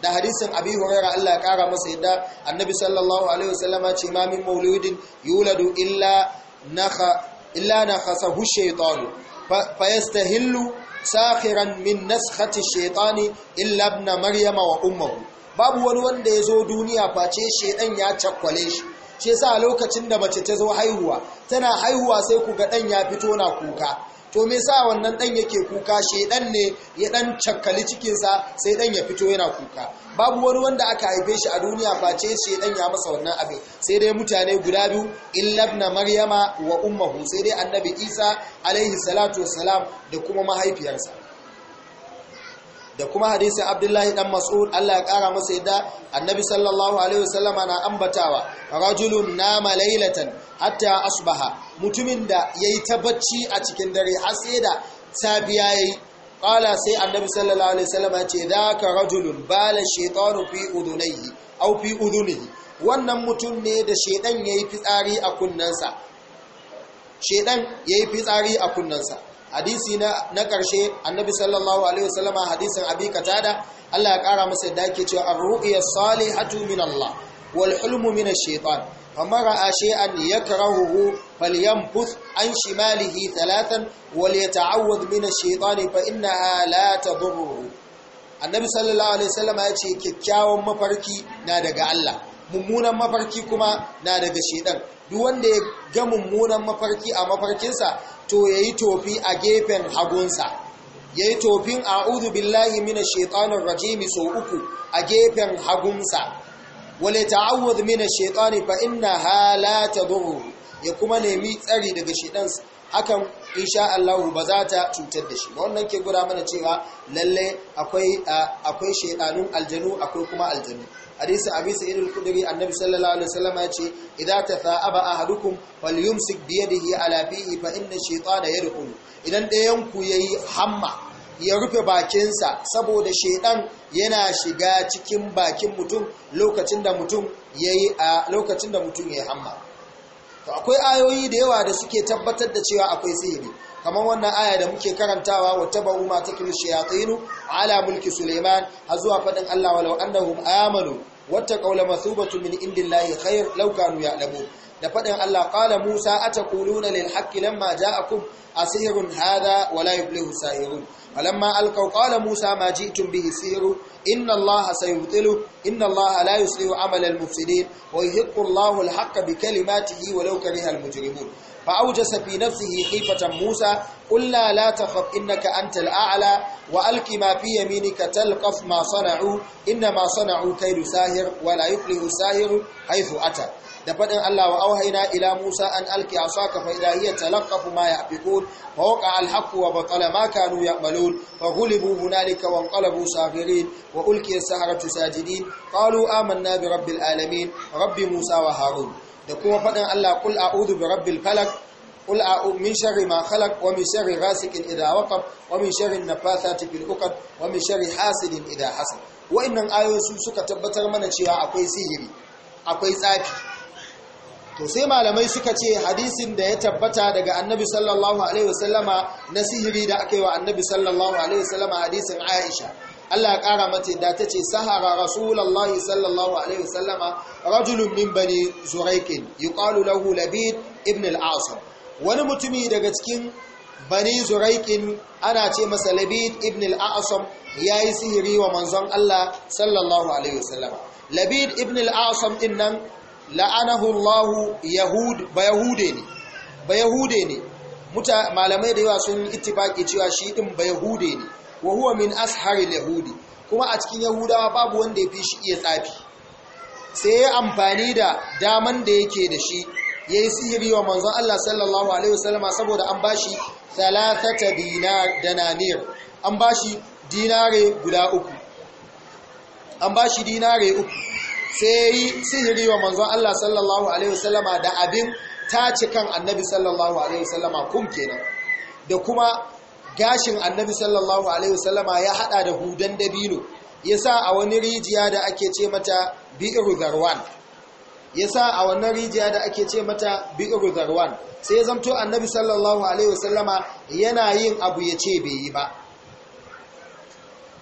da hadisin abi hurairah Allah ya kara masa yadda annabi sallallahu alaihi ya ce ma min mauludin yuladu illa nakha illa na hasahu shaytanu fa yastahillu sakhiran min naskhati shaytani illa ibn maryama wa ummuhu babu wani wanda ya zo duniya face shaydan ya cakwale shi shi yasa lokacin da mace ta zo haihuwa tana haihuwa sai ku ga dan ya fito na kuka to me sa wannan dan yake kuka shedan ne ya dan cakkali cikinsa sai dan ya fito yana kuka babu wani wanda aka haife shi a duniya face shedan ya masa wannan abin sai dai mutane guda biyu illabna maryama wa ummuhu sai dai annabi isa alaihi salatu wassalam da kuma mahaifiyarsa da kuma hadisin abdullahi dan mas'ud Allah ya kara masa yadda annabi sallallahu alaihi wasallama na ambatawa rajulun nama laylatan hatta asbaha mutumin da yayi ta bacci a cikin dare har sai da safiya yayi qala sai annabi sallallahu alaihi wasallama ce ka rajulun bala shaytanu fi udunayhi aw fi udunihi wannan mutum ne da shaydan yayi fitsari a kunnansa shaydan yayi fitsari a kunnansa hadisi na karshe annabi sallallahu alaihi wasallama hadisin abi katada Allah ya kara masa yadda yake cewa ar-ru'ya salihatu min Allah wal hulmu min ash-shaytan faman ra'a shay'an yakrahuhu falyanfuth an shimalihi thalathan wal yata'awwad min ash-shaytan fa innaha la tadurruhu annabi sallallahu alaihi wasallama ya ce kyakkyawan mafarki na daga Allah mummunan mafarki kuma na daga shedan duk wanda ya ga mummunan mafarki a mafarkinsa to yayi tofi a gefen hagunsa yayi tofin a'udhu billahi minash shaitanir rajim so uku a gefen hagunsa wala ta'awudh mina shaitani fa innaha la tadur ya kuma nemi tsari daga shedan hakan insha Allah ba za ta cutar da shi wannan ke gura mana cewa lalle akwai akwai aljanu akwai kuma aljanu hadisi abi sa'id al-khudri annabi sallallahu alaihi wasallam ya ce idza tatha'aba ahadukum falyumsik bi yadihi ala fihi fa inna shaytana yadkhulu idan dayan ku yayi hamma ya rufe bakinsa saboda shaidan yana shiga cikin bakin mutum lokacin da mutum yayi a lokacin da mutum yayi hamma to akwai ayoyi da yawa da suke tabbatar da cewa akwai sihiri kamar wannan aya da muke karantawa wa tabu ma taklu a ala mulki suleiman har zuwa fadin Allah walau annahum amanu wattaqaw lamasubatu min indillahi khair law kanu ya'lamun da faɗin Allah qala Musa ataquluna lil haqqi lamma ja'akum asihirun hadha wa la yuflihu sahirun falamma alqaw qala Musa ma ji'tum bihi sihru inna Allah sayubtilu inna Allah la yuslihu amal al mufsidin wa yuhiqqu Allahu al haqqa bi kalimatihi wa law kariha al mujrimun fa awjasa fi nafsihi khifatan Musa qulna la takhaf innaka antal a'la wa alqi ma fi yaminika talqaf ma sana'u inna ma sana'u kaydu sahir wa la yuflihu sahir haythu ata da faɗin Allah wa auhaina ila Musa an alki asaka fa idha hiya talaqafu ma yafikun fa waqa al-haqq wa batala ma kanu ya'malun fa ghulibu hunalika wa anqalabu saghirin wa ulqiya as-saharatu sajidin qalu amanna bi rabbil alamin rabbi Musa wa Harun da kuma faɗin Allah qul a'udhu bi rabbil falaq قل من شر ما خلق ومن شر غاسق إذا وقب ومن شر النفاثات في العقد ومن شر حاسد إذا حسد وإنن آيوسو suka tabbatar mana cewa akwai sihiri akwai tsafi to sai malamai suka ce hadisin da ya tabbata daga annabi sallallahu alaihi wasallama na sihiri da aka yi wa annabi sallallahu alaihi wasallama hadisin aisha Allah ya kara mata da ta ce sahara rasulallah sallallahu alaihi wasallama rajulun min bani zuraikin yuqalu lahu labid ibn al-asr wani mutumi daga cikin bani zuraikin ana ce masa labid ibn al-asr yayi sihiri wa manzon Allah sallallahu alaihi wasallama labid ibn al-asr din nan la'anahu Allah yahud ba yahude ne ba yahude ne muta malamai da yawa sun ittifaki cewa shi din ba yahude ne wa huwa min asharil yahudi kuma a cikin yahudawa babu wanda ya fi shi iya tsafi sai ya amfani da daman da yake da shi ya yi sihiri wa manzon Allah sallallahu alaihi wasallama saboda an bashi thalathata dinar dananir an bashi dinare guda uku an bashi dinare uku sai yi sihiri wa manzon Allah sallallahu alaihi wasallama da abin ci kan annabi sallallahu alaihi wasallama kun kenan da kuma gashin annabi sallallahu alaihi wasallama ya hada da hudan dabino yasa a wani rijiya da ake ce mata bi'ru garwan yasa a wannan rijiya da ake ce mata bi'ru garwan sai zamto annabi sallallahu alaihi wasallama yana yin abu ya ce bai yi ba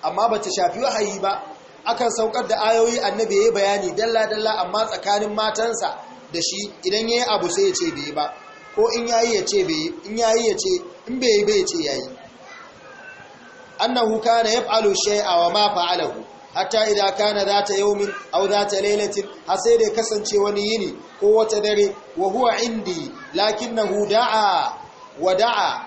amma bata shafi wahayi ba akan saukar da ayoyi annabi ya bayani dalla dalla amma tsakanin matansa da shi idan yayi abu sai ya ce bai ba ko in yayi ya ce bai in yayi ya ce in bai bai ce yayi annahu kana yaf'alu shay'a wa ma fa'alahu hatta idan kana zata au za ta lailatin har sai da kasance wani yini ko wata dare wa huwa indi lakinnahu da'a wa da'a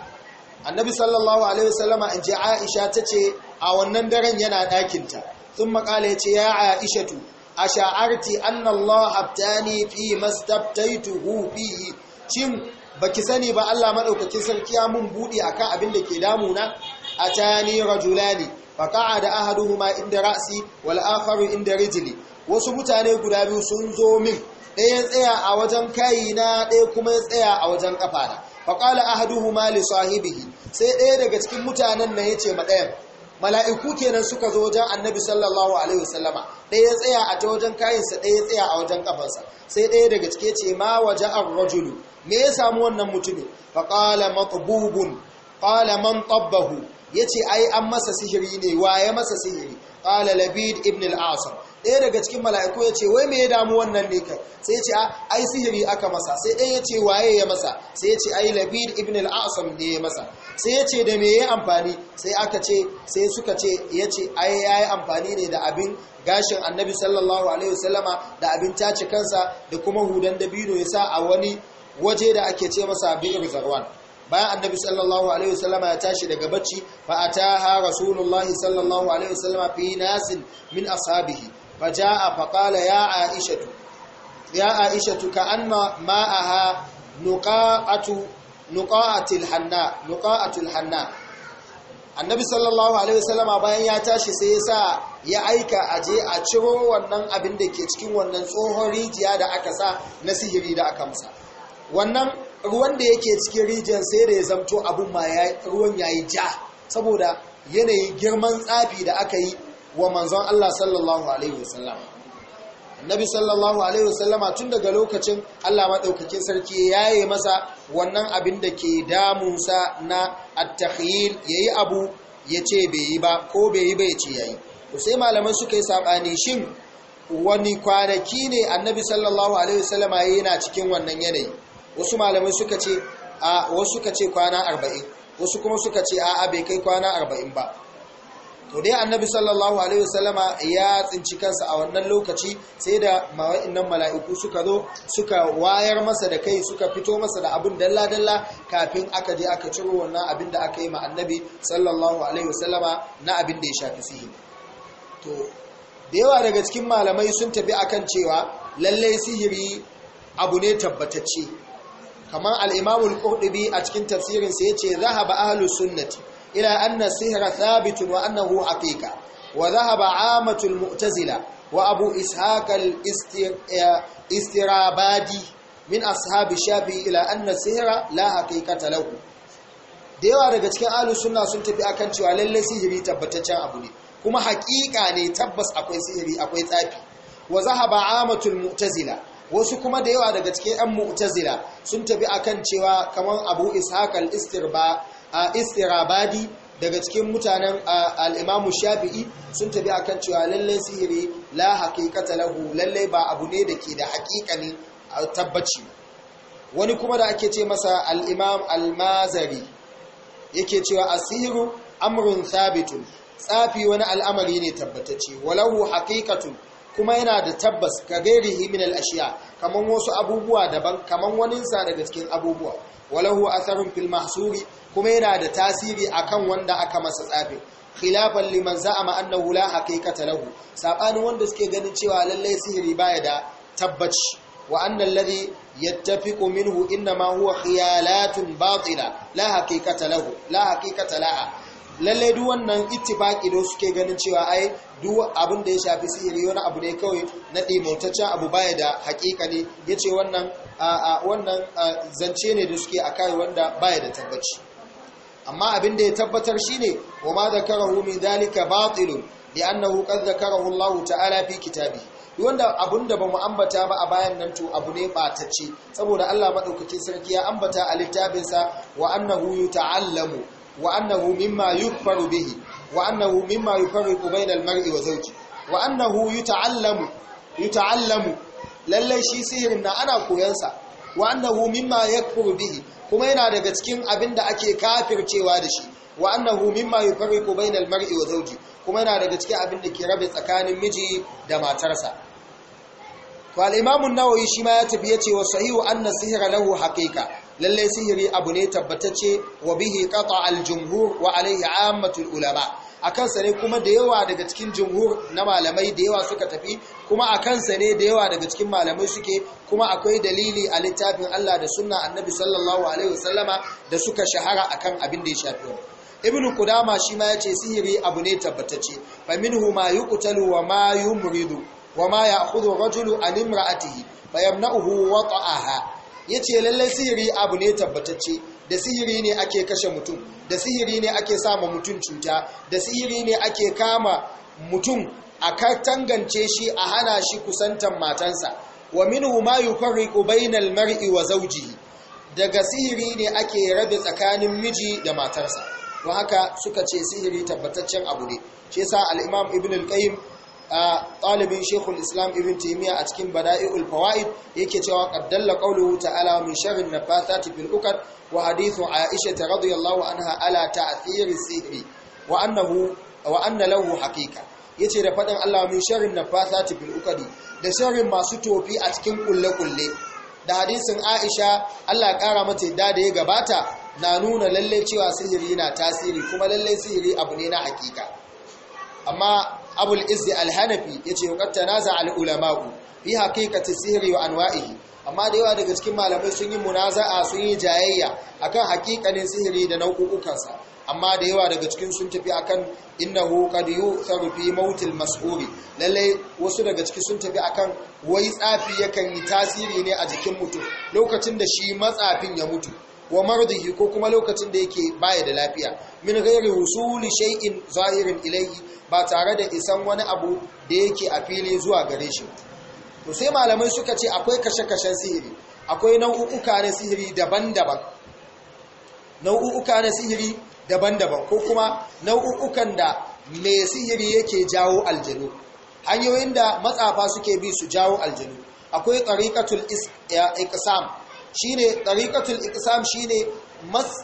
annabi sallallahu alaihi wasallama in ji aisha tace a wannan daren yana ɗakinta sun makala ya ce ya aishatu a sha'arti annallah habtani fi mastabtaituhu fihi cin baki sani ba Allah madaukakin sarki ya mun buɗe akan abin da ke damu damuna atani rajulani faqa'ada ahaduhuma inda ra'si wal akharu inda rijili. wasu mutane guda biyu sun zo min ɗaya ya tsaya a wajen kayina ɗaya kuma ya tsaya a wajen kafana faqala ahaduhuma li sahibihi sai ɗaya daga cikin mutanen nan yace ma ɗayan mala'iku kenan suka zo wajen annabi sallallahu alaihi wasallama ɗaya tsaya a ta wajen kayansa ɗaya tsaya a wajen kafansa sai ɗaya daga cike ce ma waje an rajulu me ya samu wannan mutumin fa ƙala matsububun ƙala man tabbahu ya ce ai an masa sihiri ne waye masa sihiri ƙala labid ibn al'asar ɗaya daga cikin mala'iku ya ce wai me ya damu wannan ne kai sai ya ce a ai sihiri aka masa sai ɗaya ya ce waye ya masa sai ya ce ai labir ibn al’asam ne ya masa sai ya ce da me ya amfani sai aka ce sai suka ce ya ce ai ya yi amfani ne da abin gashin annabi sallallahu alaihi wasallama da abin tace kansa da kuma hudan dabino ya sa a wani waje da ake ce masa bi'ir zarwan bayan annabi sallallahu alaihi wasallama ya tashi daga bacci fa ataha rasulullahi sallallahu alaihi wasallama fi nasin min ashabihi فجاء فقال يا عائشة يا عائشة كأن ماءها نقاعة نقاعة الحناء نقاعة الحناء annabi sallallahu alaihi wasallama bayan ya tashi sai ya sa ya aika a je a ciro wannan abin da ke cikin wannan tsohon rijiya da aka sa na sihiri da aka musa wannan ruwan da yake cikin rijiyar sai da ya zamto abin ma ruwan yayi ja saboda yanayin girman tsafi da aka yi wa manzon Allah sallallahu alaihi wasallam annabi sallallahu alaihi sallama tun daga lokacin Allah madaukakin sarki yayi masa wannan abin da ke damunsa na at takhyil yayi abu yace bai yi ba ko bai yi ba yace yayi to sai malaman suka yi sabani shin wani kwanaki ne annabi sallallahu alaihi wasallama yana cikin wannan yanayi wasu malamai suka ce a wasu suka ce kwana 40 wasu kuma suka ce a'a bai kai kwana 40 ba to dai annabi sallallahu alaihi wasallama ya tsinci kansa a wannan lokaci sai da wa'annan mala'iku suka zo suka wayar masa da kai suka fito masa da abin dalla dalla kafin aka je aka ciro wannan abin da aka yi ma annabi sallallahu alaihi wasallama na abin da ya shafi sihiri to da yawa daga cikin malamai sun tafi akan cewa lallai sihiri abu ne tabbatacce kamar alimamul imamul a cikin tafsirin ce za zahaba ahlus sunnati ila anna sihra thabitun wa annahu aqiqa wa zahaba amatul mu'tazila wa abu ishaq al-istirabadi min ashabi shafi ila anna sihra la da yawa daga cikin ahlus sunna sun tafi akan cewa lallai sihiri tabbataccen abu ne kuma haƙiƙa ne tabbas akwai sihiri akwai tsafi wa zahaba amatul mu'tazila wasu kuma da yawa daga cikin 'yan mu'tazila sun tafi akan cewa kamar abu ishaq al-istirba a istirabadi daga cikin mutanen al'imamu shafi'i sun tabi a kan cewa lallai sihiri la haƙiƙata lahu lallai ba abu ne da ke da a tabbaci wani kuma da ake ce masa al'imam almazari yake cewa a sihiru amurin sabitun tsafi wani al'amari ne tabbatacce walahu haƙiƙatun kuma yana da tabbas ka gairi min ashiya kaman wasu abubuwa daban kamar waninsa daga cikin abubuwa walahu atharun fil mahsuri kuma yana da tasiri a kan wanda aka masa tsafi khilafan liman za'ama annahu la haqiqata lahu saɓani wanda suke ganin cewa lallai sihiri baya da tabbaci wa anna alladhi yattafiqu minhu inma huwa khiyalatun batila la haqiqata lahu la haqiqata laha lallai duk wannan ittifaqi da suke ganin cewa ai duk abin da ya shafi sihiri wani abu ne kawai na ɗimautaccen abu baya da hakika ne ya ce wannan zance ne da suke a kai wanda baya da tabbaci amma abin da ya tabbatar shi ne wa ma da hu min dalika batilun li annahu qad zakarahu Allah ta'ala fi kitabi wanda abun da bamu ambata ba a bayan nan to abu ne batacce saboda Allah madaukakin sarki ya ambata a littafinsa wa annahu yuta'allamu wa annahu mimma yukfaru bihi wa annahu mimma yufarriqu bainal mar'i wa zawji wa annahu yuta'allamu yuta'allamu lalle shi sihirin na ana koyan sa wa annahu bihi kuma yana daga cikin abinda ake kafircewa da shi wa annahu mimma yufarriqu bainal mar'i wa zawji kuma yana daga cikin abinda ke rabe tsakanin miji da matarsa to al-imam an-nawawi shi ma ya tafi yace wa sahihu anna sihra lahu haqiqa lalle sihiri abu ne tabbatacce wa bihi qata al-jumhur wa alayhi ammatul ulama a kansa ne kuma da yawa daga cikin jumhur na malamai da yawa suka tafi kuma a kansa ne da yawa daga cikin malamai suke kuma akwai dalili a littafin Allah da sunna annabi sallallahu alaihi wasallama da suka shahara akan abin da ya shafi wani ibn kudama shi ma yace sihiri abu ne tabbatacce fa minhu ma yuqtalu wa ma yumridu wa ma ya'khudhu rajulu an imra'atihi fa yamna'uhu wata'aha yace lallai sihiri abu ne tabbatacce da sihiri ne ake kashe mutum da sihiri ne ake sama mutum cuta da sihiri ne ake kama mutum a katangance shi a hana shi kusantan matansa wa minhu ma yufarriqu bainal mar'i wa zawjihi daga sihiri ne ake rabe tsakanin miji da matarsa don haka suka ce sihiri tabbataccen abu ne shi yasa al-imam ibn al-qayyim ɗalibin shekul islam ibn taimiyya a cikin bada'i'ul fawaid yake cewa qaddalla qawluhu ta'ala min sharri nafathati fil uqad wa hadithu aisha radhiyallahu anha ala ta'thiri sihri wa annahu wa anna lahu haqiqa yace da faɗin Allah min sharri nafathati fil uqad da sharrin masu tofi a cikin kulle kulle da hadisin aisha Allah ya kara mata yadda da ya gabata na nuna lalle cewa sihiri na tasiri kuma lalle sihiri abu ne na haƙiƙa amma abul izzi al-hanafi yace yuqat na za ulamau fi haqiqati sihiri wa anwa'ihi amma da yawa daga cikin malamai sun yi munaza'a sun yi jayayya a kan haƙiƙanin sihiri da nau'ukansa amma da yawa daga cikin sun tafi kan innahu qad yu'tharu fi mautil mas'uri Lallai wasu daga ciki sun tafi a kan wai tsafi yakan yi tasiri ne a jikin mutum lokacin da shi matsafin ya mutu wa mardihi ko kuma lokacin da yake baya da lafiya min ghairi wusuli shay'in zahirin ilayhi ba tare da isan wani abu da yake a fili zuwa gare shi to sai malamai suka ce akwai kashe-kashen sihiri akwai nau'uka na sihiri daban-daban nau'uka na sihiri daban-daban ko kuma nau'ukan da me sihiri yake jawo aljanu hanyoyin da matsafa suke bi su jawo aljanu akwai tsarikatul iqsam shine tariqatul iqsam shine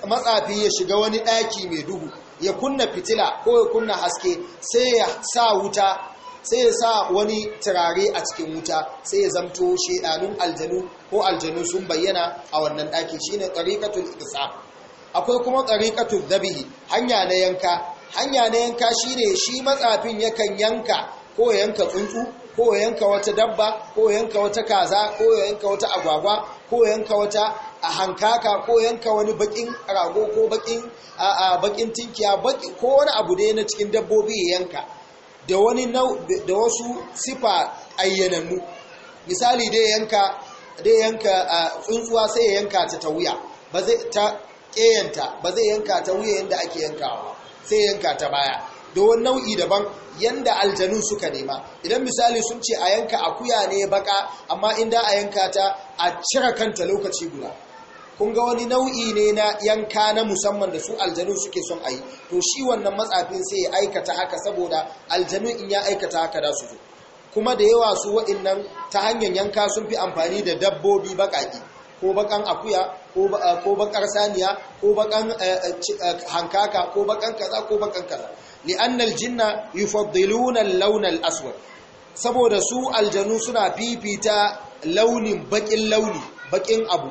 matsafi ya shiga wani ɗaki mai duhu ya kunna fitila ko ya kunna haske sai ya sa wuta sai ya sa wani turare a cikin wuta sai ya zamto shedanun aljanu ko aljanu sun bayyana a wannan daki shine tariqatul iqsam akwai kuma tariqatul dhabihi hanya na yanka hanya na yanka shine shi matsafin yakan yanka ko yanka tsuntsu ko ya yanka wata dabba ko ya yanka wata kaza ko ya yanka wata agwagwa ko ya yanka wata a hankaka ko yanka wani bakin rago ko bakin a bakin tinkiya ko wani abu da na cikin dabbobi ya yanka da wani da wasu sifa ayyanannu misali dai yanka dai yanka tsuntsuwa sai ya yanka ta ta wuya ba zai ta keyanta ba zai yanka ta wuya yanda ake yankawa sai yanka ta baya da wani nau'i daban yanda aljanu suka nema idan misali sun ce a yanka akuya ne baka amma inda a yanka ta a cire kanta lokaci guda kun ga wani nau'i ne na yanka na musamman da su aljanu suke son a yi to shi wannan matsafin sai ya aikata haka saboda aljanu in ya aikata haka da su kuma da yawa su wa'innan ta hanyar yanka sun fi amfani da dabbobi baƙaƙe, ko baƙan akuya ko baƙar saniya ko baƙan eh, eh, eh, hankaka ko baƙan kaza ko baƙan kaza li'annal jinna yufaddiluna al-lawn al-aswad saboda su aljanu suna fifita launin bakin launi baƙin abu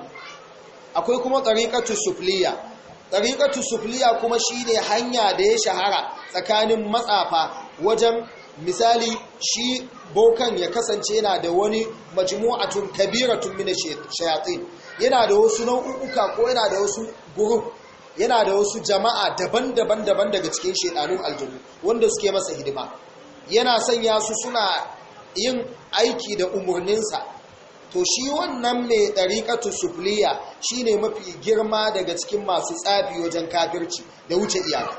akwai kuma Tsarikatu sufliya tariqatu sufliya kuma shine hanya da ya shahara tsakanin matsafa wajen misali shi bokan ya kasance yana da wani majmu'atun kabiratun min shayatin yana da wasu nau'uka ko yana da wasu group yana da wasu jama'a daban-daban daban daga cikin shedanun aljanu wanda suke masa hidima yana sanya su suna yin aiki da umarninsa to shi wannan mai ɗariƙatu sufliya shine mafi girma daga cikin masu tsafi wajen kafirci da wuce iyaka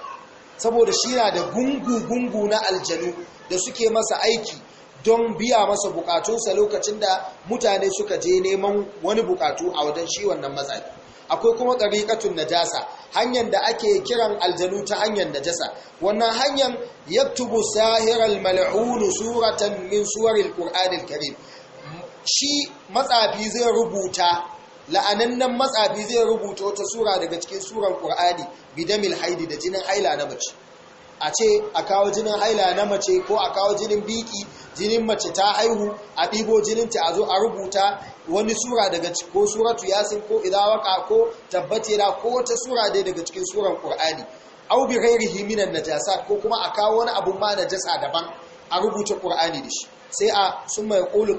saboda shi na da gungu-gungu na aljanu da suke masa aiki don biya masa bukatunsa lokacin da mutane suka je neman wani bukatu a wajen shi wannan matsayi akwai kuma ɗariƙatun najasa hanyar da ake kiran aljanu ta hanyar najasa wannan hanyar yaktubu Sahirar, mal'unu suratan min suwaril qur'anil karim shi matsafi zai rubuta la'anannan matsafi zai rubuta wata sura daga cikin suran qur'ani bidamil haidi da jinin haila na mace a ce a kawo jinin haila na mace ko a kawo jinin biki jinin mace ta haihu a ɗigo jininta a zo a rubuta wani sura daga ko suratu yasin ko idawaka ko tabbatera ko wata sura dai daga cikin suran ƙur'ani au bi ghairihi na jasa ko kuma a kawo wani abu ma najasa daban a rubuta ƙur'ani da shi sai a sun mai ƙulu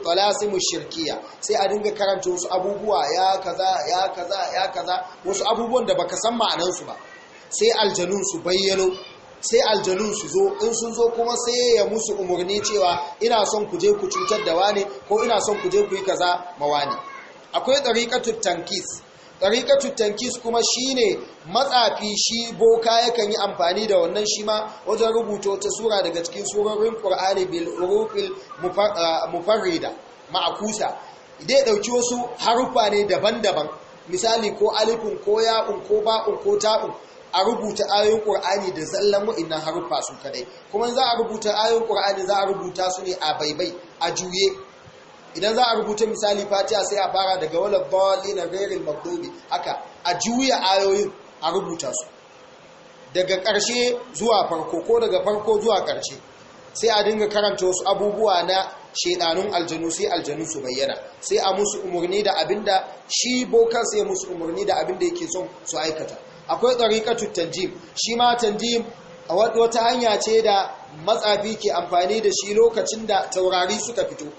mu shirkiya sai a dinga karanta wasu abubuwa ya kaza ya kaza ya kaza wasu abubuwan da baka san ma'anansu ba sai aljanun su bayyano sai aljanun su zo in sun zo kuma sai ya musu umarni cewa ina son ku je ku cutar da wane ko ina son ku je ku yi kaza ma wane akwai ɗariƙatun tankis ɗariƙatun tankis kuma shine matsafi shi boka yakan yi amfani da wannan shi ma wajen rubuta wata sura daga cikin surorin ƙur'ani bil urufil mufarrida ma'akusa dai ɗauki wasu haruffa ne daban-daban misali ko alifin ko ya'un ko ba'un ko ta'un a rubuta ayoyin ƙur'ani da zallan wa'innan haruffa su kadai kuma za a rubuta ayoyin ƙur'ani za a rubuta su ne a baibai a juye idan za a rubuta misali fatiha sai a fara daga wala na rairin makdobi haka a juya ayoyin a rubuta su daga ƙarshe zuwa farko ko daga farko zuwa ƙarshe sai a dinga karanta wasu abubuwa na shaidanun aljanu sai aljanu su bayyana sai a musu umarni da abinda shi bokan sai musu umarni da abinda yake son su aikata akwai tsarikatu tanjim shi ma tanjim a wata hanya ce da matsafi ke amfani da shi lokacin da taurari suka fito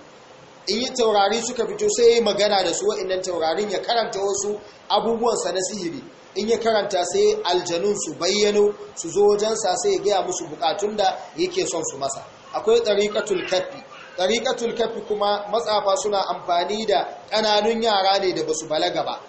in yi taurari suka fito sai ya magana da su waɗannan taurarin ya karanta wasu abubuwansa na sihiri in ya karanta sai aljanun su bayyano su zo wajensa sai ya gaya musu bukatun da yake son su masa akwai tsarikatul kafi Tsarikatul kafi kuma matsafa suna amfani da ƙananun yara ne da ba su balaga ba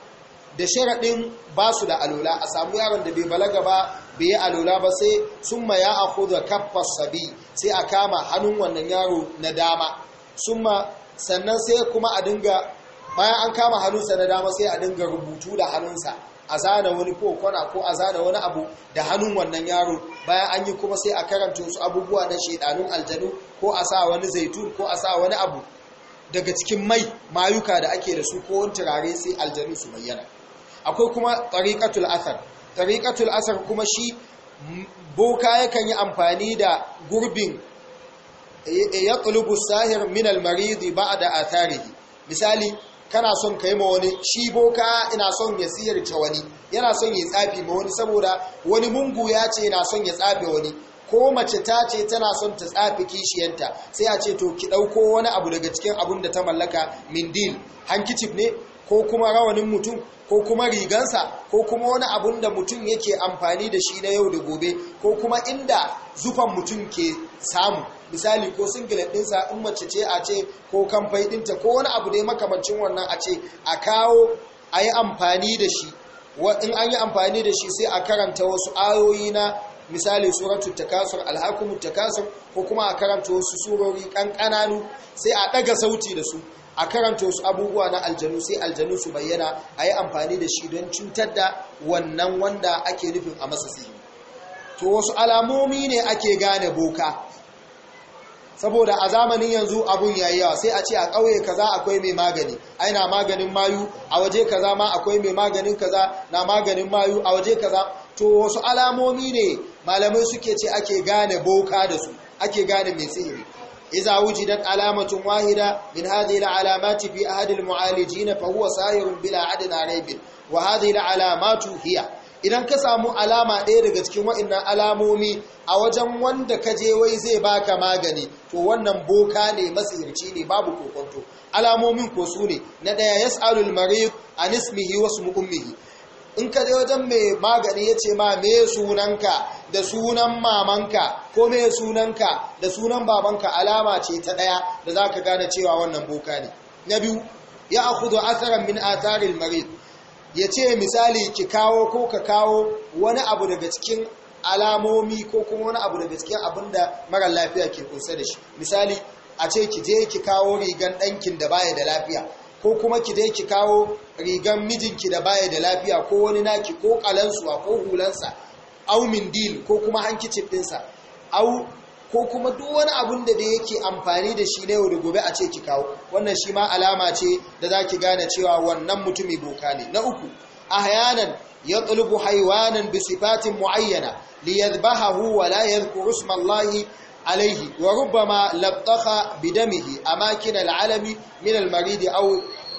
da sharaɗin ba su da alola a samu yaron da bai balaga ba bai yi alola ba sai sun ma ya aku da kafar sabi sai a kama hannun wannan yaro na dama sun ma sannan sai kuma a dinga bayan an kama hannunsa na dama sai a dinga rubutu da hannunsa a zana wani ko ko a zana wani abu da hannun wannan yaro bayan an yi kuma sai a karanta wasu abubuwa na shaidanun aljanu ko a sa wani zaitun ko a sa wani abu daga cikin mai mayuka da ake da su ko wani turare sai aljanu su bayyana akwai kuma Ɗarikatul asar Ɗarikatul asar kuma shi boka yakan yi amfani da gurbin ya tulubu sahir min almaridi a tarihi. misali kana son yi ma wani shi boka ina son ya siyarta wani yana son ya tsafi ma wani saboda wani mungu ya ce yana son ya tsafe wani ko mace ta ce tana son ta tsafi kishiyanta sai a ce to ki ɗauko wani abu daga cikin abun da ta mallaka mindil hankicif ne ko kuma rawanin mutum ko kuma rigansa ko kuma wani abun da mutum yake amfani da shi na yau da gobe ko kuma inda zufan mutum ke samu misali ko singlet ɗinsa in mace ce a ce ko kamfai ɗinta ko wani abu dai makamancin wannan a ce a kawo a yi amfani da shi in an yi amfani da shi sai a karanta wasu ayoyi na misali suratul takasur alhakumut takasur ko kuma a karanta wasu surori kankananu sai a daga sauti da su a karanta wasu abubuwa na aljanu sai aljanu su bayyana a yi amfani da shi don cutar da wannan wanda ake nufin a masa sihiri to wasu alamomi ne ake gane boka saboda a zamanin yanzu abun yayi yawa sai a ce a ƙauye kaza akwai mai magani aina maganin mayu a waje kaza ma akwai mai maganin kaza na maganin mayu a waje kaza to wasu alamomi ne malamai suke ce ake gane boka da su ake gane mai sihiri iza wujidat alamatun wahida min hadhihi alalamati fi ahadi almu'alijin fa huwa sahirun bila adad raib wa hadhihi alalamatu hiya idan ka samu alama ɗaya daga cikin wa'annan alamomi a wajen wanda ka je wai zai baka magani to wannan boka ne masirci ne babu kokonto alamomin ko su ne na ɗaya yas'alul marid an ismihi wasu ummihi in ka je wajen mai magani ya ce ma me sunanka da sunan mamanka ko me sunanka da sunan babanka alama ce ta ɗaya da za ka gane cewa wannan boka ne na biyu ya kudu asaran min tsarin marid ya ce misali ki kawo ko ka kawo wani abu daga cikin alamomi ko kuma wani abu daga cikin abin da mara lafiya ke kunsa da shi misali a ce ki je ki kawo rigan ɗankin da baya da lafiya ko kuma ki dai ki kawo rigan mijinki da baya da lafiya ko wani naki ko kalansuwa ko hulansa au mindil ko kuma hankicin ɗinsa au ko kuma duk wani abun da dai yake amfani da shi ne yau da gobe a ce ki kawo wannan shi ma alama ce da za ki gane cewa wannan mutumi boka ne na uku ahyanan ya haywanan bi bisifatin muayyana li wa la yadhkuru ismallahi alaihi wa rubbama labtakha bidamihi amakin al'alami min al-marid aw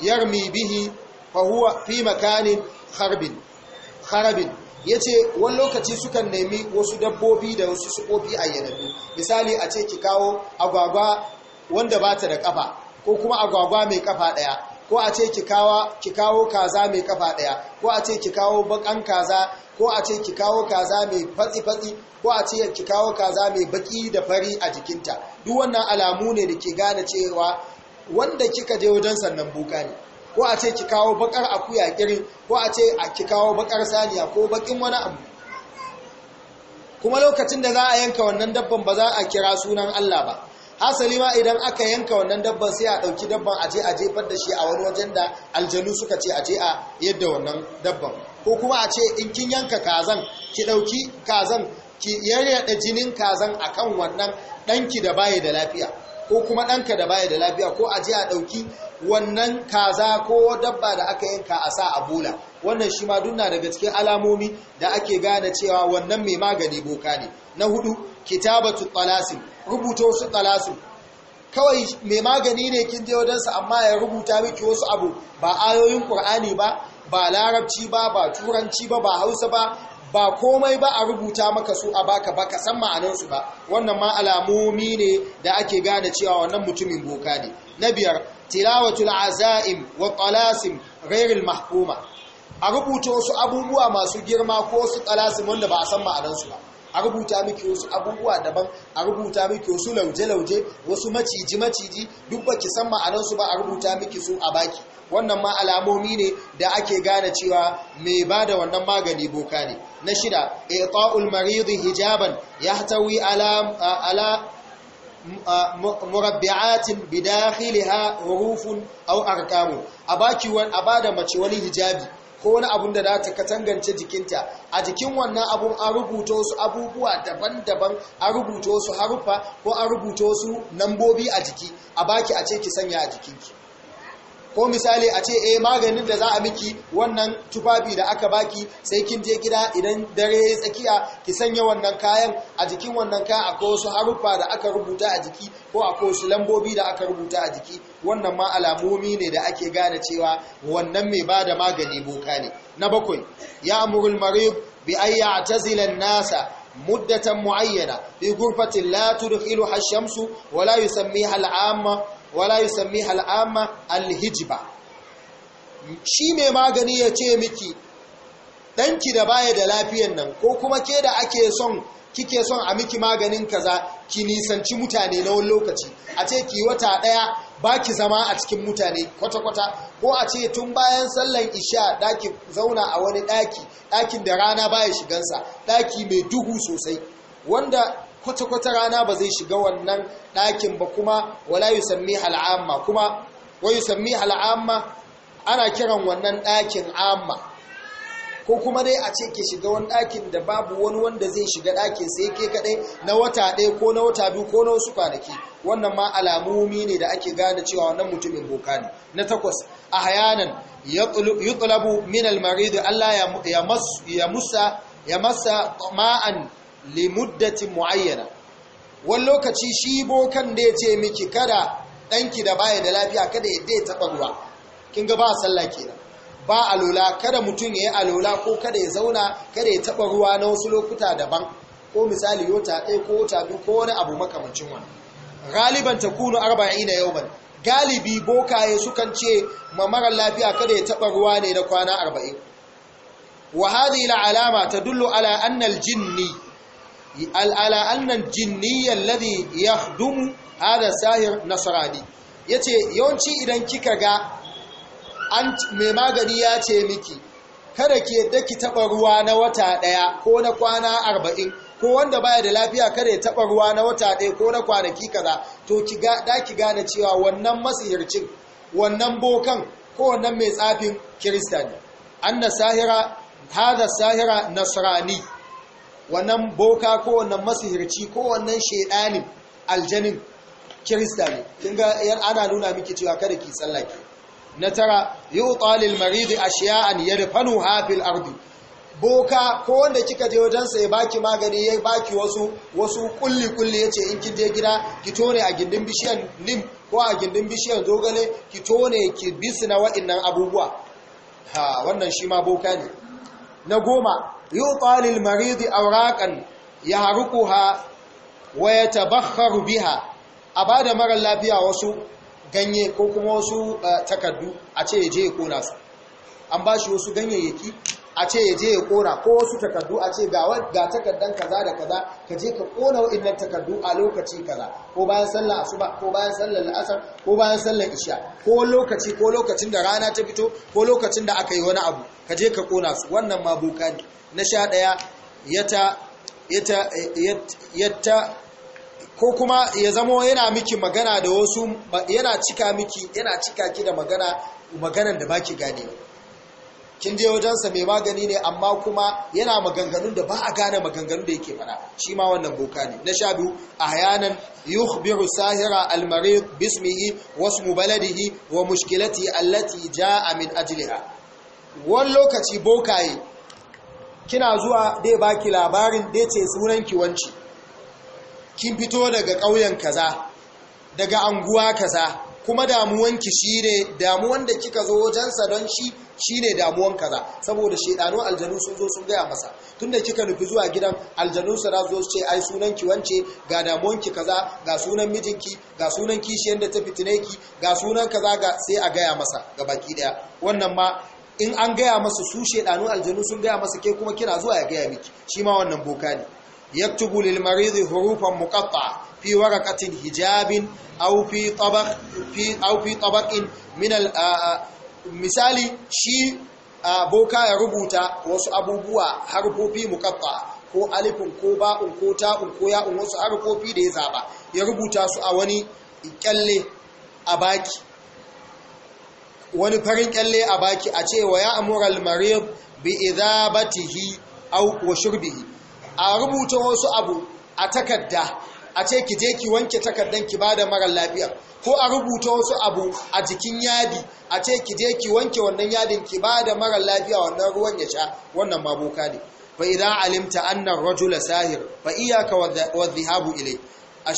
yarmi bihi fa makanin kharbin yace wani lokaci sukan nemi wasu dabbobi da wasu sukofi ayyanadu misali a ce ki kawo agwagwa wanda bata da kafa ko kuma agwagwa mai kafa ɗaya. ko a ce ki kawo kaza mai kafa ɗaya ko a ce ki kawo bakan kaza ko a ce ki kawo kaza mai fatsi-fatsi ko a ce ki kawo kaza mai baki da fari a jikinta duk wannan alamu ne da ke gane cewa wanda kika je wajen sannan buka ne ko a ce ki kawo bakar akuya kirin ko a ce ki kawo bakar saniya ko bakin wani abu kuma lokacin da za a yanka wannan dabban ba za a kira sunan Allah ba asali ma idan aka yanka wannan dabban sai a ɗauki dabban a je a jefar da shi a wani wajen da aljanu suka ce a je a yadda wannan dabban ko kuma a ce in kin yanka kazan ki ɗauki kazan ki yaryaɗa jinin kazan a kan wannan ɗanki da baya da lafiya ko kuma ɗanka da baya da lafiya ko a je a ɗauki wannan kaza ko dabba da aka yanka a sa a bola wannan shi ma dunna daga cikin alamomi da ake gane cewa wannan mai magani boka ne na hudu kitabatu talasim rubuta wasu talasu kawai mai magani ne kin je wadansa amma ya rubuta miki wasu abu ba ayoyin qur'ani ba ba larabci ba ba turanci ba ba hausa ba ba komai ba a rubuta maka su a baka ba ka san ma'anansu ba wannan ma alamomi ne da ake gane cewa wannan mutumin boka ne na biyar tilawatul azaim wa talasim ghairil mahkuma a rubuta wasu abubuwa masu girma ko su talasim wanda ba a san ma'anansu ba a rubuta miki wasu abubuwa daban a rubuta miki wasu lauje-lauje wasu maciji-maciji duk ba ki san ma'anansu ba a rubuta miki su a baki wannan ma alamomi ne da ake gane cewa mai ba da wannan magani boka ne na shida ita'ul maridi hijaban yahtawi ala ala murabbi'atin bidakhiliha hurufun aw arkamu a baki a bada mace wani hijabi ko wani abun da za ta katangance jikinta a jikin wannan abun an rubuta wasu abubuwa daban-daban an rubuta wasu harufa ko an rubuta su nambobi a jiki a baki a ce ki sanya a jikinki ko misali a ce eh maganin da za a miki wannan tufafi da aka baki sai kin je gida idan dare ya tsakiya ki sanya wannan kayan a jikin wannan kayan akwai wasu haruffa da aka rubuta a jiki ko akwai wasu lambobi da aka rubuta a jiki wannan ma alamomi ne da ake gane cewa wannan mai ba da magani boka ne na bakwai ya amurul marib bi ayya atazilan nasa muddatan muayyana bi ghurfatin la tudkhiluha ash-shamsu wala la yusammiha al'amma wala sami al'amma al'hijiba. shi mai magani ya ce miki ɗanki da baya da lafiyan nan ko kuma ke da ake son kike son a miki maganin kaza ki nisanci mutane na wani lokaci a ce ki wata ɗaya ba ki zama a cikin mutane kwata-kwata ko a ce tun bayan sallan isha ɗaki zauna a wani ɗaki ɗakin da rana baya shigansa ɗaki mai duhu sosai wanda kwata-kwata rana ba zai shiga wannan ɗakin ba kuma wala yi sami al'amma kuma wa yi sami al'amma ana kiran wannan ɗakin amma ko kuma dai a ce ke shiga wani ɗakin da babu wani wanda zai shiga ɗakin sai ke kaɗai na wata ɗaya ko na wata biyu ko na wasu kwanaki wannan ma alamomi ne da ake gane cewa wannan mutumin boka ne na takwas a hayanan yutlabu minal almarid Allah ya masa ma'an limuddatin muayyana wani lokaci shi bokan da ya ce miki kada ɗanki da baya da lafiya kada ya taɓa ruwa kin ga ba a sallah kenan ba a lola, kada mutum ya yi a lola, ko kada ya zauna kada ya taɓa ruwa na wasu lokuta daban ko misali yota ɗaya ko wata biyu ko wani abu makamancin wani galiban ta kunu yau yauman galibi bokaye sukan ce ma marar lafiya kada ya taɓa ruwa ne na kwana arba'in wa hadhihi alama tadullu ala anna jinni ala annan jinniyyar ladhi yakhdumu da sahir nasrani yace yawanci idan kika ga an mai magani ya ce miki kada ke yadda ki taba ruwa na wata daya ko na kwana arba'in ko wanda baya da lafiya kada ya taba ruwa na wata ɗaya, ko na kwanaki kaza to ki ga da ki gane cewa wannan masihircin wannan bokan ko wannan mai tsafin kirista ne na sahira hada sahira nasrani wannan boka ko wannan masihirci ko wannan shaidanin aljanin kirista ne kin ga yan ana nuna miki cewa kada ki sallake na tara yu talil marid fanu ha fil ard boka ko wanda kika je wajen sa ya baki magani ya baki wasu wasu kulli kulli yace in kin je gida ki tone a gindin bishiyan nim ko a gindin bishiyan zogale ki tone ki bisna waɗannan abubuwa ha wannan shi ma boka ne na goma a wurakan ya awraqan yahruquha wa yatabakharu biha a bada mara lafiya wasu ganye ko kuma wasu eh, takardu a ce ya je ya kona su an ba shi wasu ganyayyaki a ce ya je ya kona ko wasu takardu a ce ga takardan kaza da kaza ka je ka kona wa'annan takardu a lokaci kaza ko bayan sallar asuba ko bayan sallar la'asar ko bayan sallar isha ko lokaci ko lokacin da rana ta fito ko lokacin da aka yi wani abu ka je ka kona su wannan ma boka ne na sha daya ya ta ko kuma ya zamo yana miki magana da wasu yana cika miki yana cika ki da magana maganan da baki gane kin je wajensa mai magani ne amma kuma yana maganganun da ba a gane maganganun da yake fara shi ma wannan boka ne na sha biyu ahyanan yukhbiru sahira almarid bismihi wasmu baladihi wa mushkilati allati jaa min ajliha wani lokaci yi, kina zuwa dai ba ki labarin dai ce sunan ki wanci kin fito daga ƙauyen kaza daga anguwa kaza kuma damuwan damuwanki shine damuwan da kika zo wajensa don shi shine damuwan kaza saboda shedanu aljanu sun zo sun gaya masa tunda kika nufi zuwa gidan aljanu su zo su ce ai sunan ki wance ga damuwanki kaza ga sunan mijinki ga sunan kishiyar da ta fitine ki ga sunan kaza ga sai a gaya masa ga baki daya wannan ma in an gaya masa su shedanu aljanu sun gaya masa ke kuma kina zuwa ya gaya miki shi ma wannan boka ne yaktubu lil marid hurufan muqatta'a fi waraqatin hijabin aw fi misali shi aboka ya rubuta wasu abubuwa harfofi muqatta'a ko alifin ko ba'un ko ta'un ko ya'un wasu harfofi da ya zaba ya rubuta su a wani kyalle a baki wani farin kyalle a baki a cewa ya amural bi izabatihi au wa a rubuta wasu abu a takarda a ce ki je ki wanke takardan ki bada marar lafiya ko a rubuta wasu abu a jikin yadi a ce ki je ki wanke wannan yadin ki bada marar lafiya wannan ruwan ya sha wannan maboka ne fa idan alimta annar rajula sahir fa iyaka wa dhahabu ilay a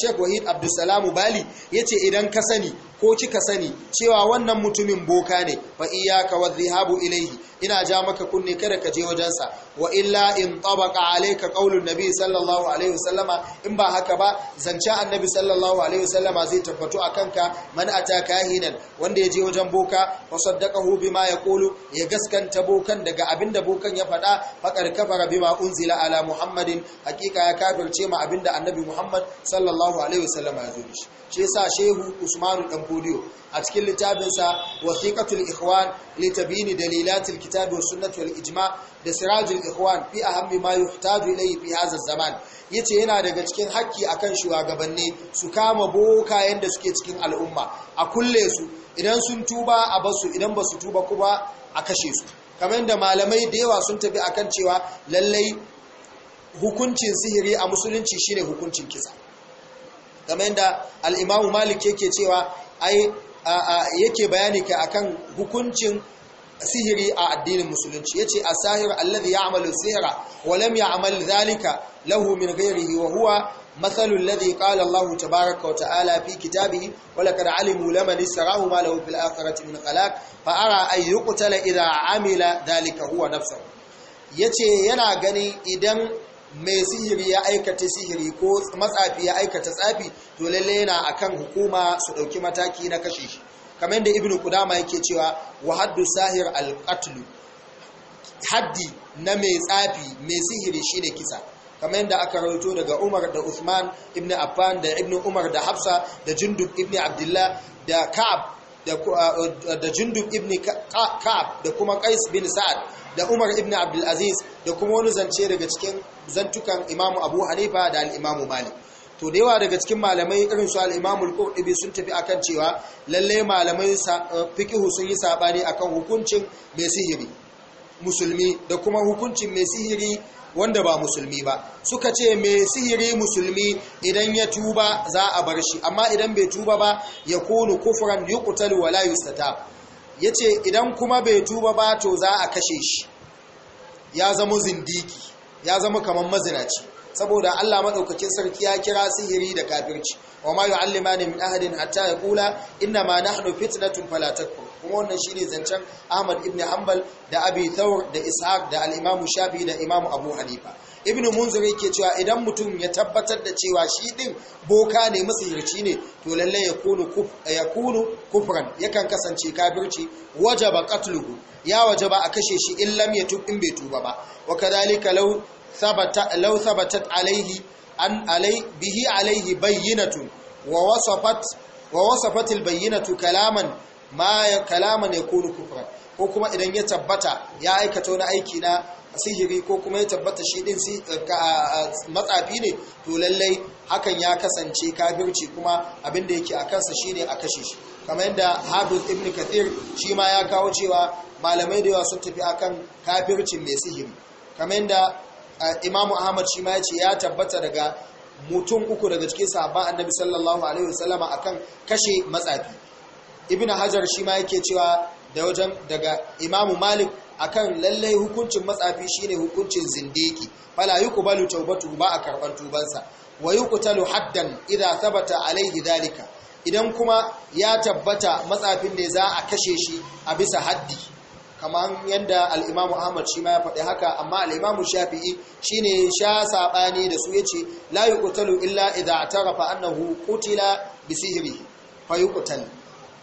sheikh wahid abdussalam bali yace idan ka sani ko kika sani cewa wannan mutumin boka ne fa iyyaka zihabu ilayhi ina ja maka kunne kada ka je wajensa wa illa in tabaqa alayka qaulun nabi sallallahu alaihi wasallama in ba haka ba zance annabi sallallahu alaihi wasallama zai tabbatu ka man ataka hinan wanda ya je wajen boka fa saddaqahu bima yaqulu ya gaskanta bokan daga abinda bokan ya faɗa faqad kafara bima unzila ala muhammadin hakika ya kafirce ma abinda annabi muhammad sallallahu alaihi wasallama ya zo shi shi yasa shehu usmanu dan fodiyo a cikin littafinsa wasiqatul ikhwan li tabini dalilatil kitab wa sunnati wal ijma da sirajul ikhwan fi ahammi ma yuhtaju ilayhi fi hadha zaman yace yana daga cikin hakki akan shugabanni su kama boka da suke cikin al'umma a kulle su idan sun tuba a basu idan basu tuba kuma a kashe su kamar da malamai da yawa sun tafi akan cewa lallai hukuncin sihiri a musulunci shine hukuncin kisa kamar yadda al'imamu malik yake cewa ai yake bayani ka akan hukuncin sihiri a addinin musulunci yace as-sahir alladhi ya'malu sihra wa lam ya'mal dhalika lahu min ghayrihi wa huwa mathalu alladhi qala Allah tabaaraka wa ta'ala fi kitabihi wa laqad 'alimu laman israhu ma lahu fil akhirati min khalaq fa ara ay yuqtala idha 'amila dhalika huwa nafsuhu yace yana gani idan mai sihiri ya aikata sihiri ko matsafi ya aikata tsafi to lalle yana akan hukuma su dauki mataki na kashe shi kamar da ibnu qudama yake cewa wa haddu sahir al haddi na mai tsafi mai sihiri shine kisa kamar da aka rawaito daga Umar da Uthman ibn Affan da Ibnu Umar da Hafsa da Jundub ibn Abdullah da Ka'ab da Jundub ibn Ka'ab da kuma Qais bin Sa'ad da Umar ibn Abdulaziz, da kuma wani zance daga cikin zantukan imamu Abu Hanifa da alimamu bali. to da yawa daga cikin malamai irin su al'imamu imam sun tafi akan cewa lallai malamai eh, fikihu sun yi sabani akan hukuncin mai sihiri musulmi da kuma hukuncin mai sihiri wanda ba musulmi ba suka ce mai sihiri musulmi idan ya tuba za a bar shi amma idan bai tuba ba ya kunu kufran yuqtalu wala yustata ya ce idan kuma bai tuba ba to za a kashe shi ya zama zindiki ya zama kamar mazinaci saboda Allah maɗaukakin sarki ya kira sihiri da kafirci wa ma ne min ahadin hatta kula inna ma na nahnu fitnatun fala takfur kuma wannan shi ne zancen Ahmad ibn Hanbal da Abi Thawr da Ishaq da Alimamu Shafi da Imam Abu Hanifa ibnu munzir yake cewa idan mutum ya tabbatar da cewa shi din boka ne masirci ne to lalle ya kunu kuf ya kunu kufran yakan kasance kafirci wajaba qatluhu ya wajaba a kashe shi in lam yatub in bai tuba ba wa kadalika law thabata law thabatat alayhi an alai bihi alayhi bayyinatun wa wasafat wa wasafat albayyinatu kalaman ma ya kalama ne kunu kufra ko kuma idan ya tabbata ya aikato na aiki na sihiri ko kuma ya tabbata shi din eh, matsafi ne to lallai hakan ya kasance kafirci kuma abinda da yake a kansa shi ne a kashe shi kamar yadda Hafiz Ibn Kathir shi ma ya kawo cewa malamai da yawa sun tafi akan kafircin mai sihiri kamar yadda eh, Imam Ahmad shi ma ya ce ya tabbata daga mutum uku daga cikin sahabban Annabi sallallahu alaihi wasallama akan kashe matsafi ibn hajar shi ma yake cewa da wajen daga imamu malik akan lallai hukuncin matsafi shine hukuncin zindiki fala yuqbalu taubatu ba a karban tubansa wa yuqtalu haddan idan thabata alai dhalika idan kuma ya tabbata matsafin ne za a kashe shi a bisa haddi kamar yadda al'imamu ahmad shi ma ya faɗi haka amma al'imamu shafi'i shine sha saɓani da su yace la layu kutalu illa idan a tarafa annahu kutila bisihiri fa yi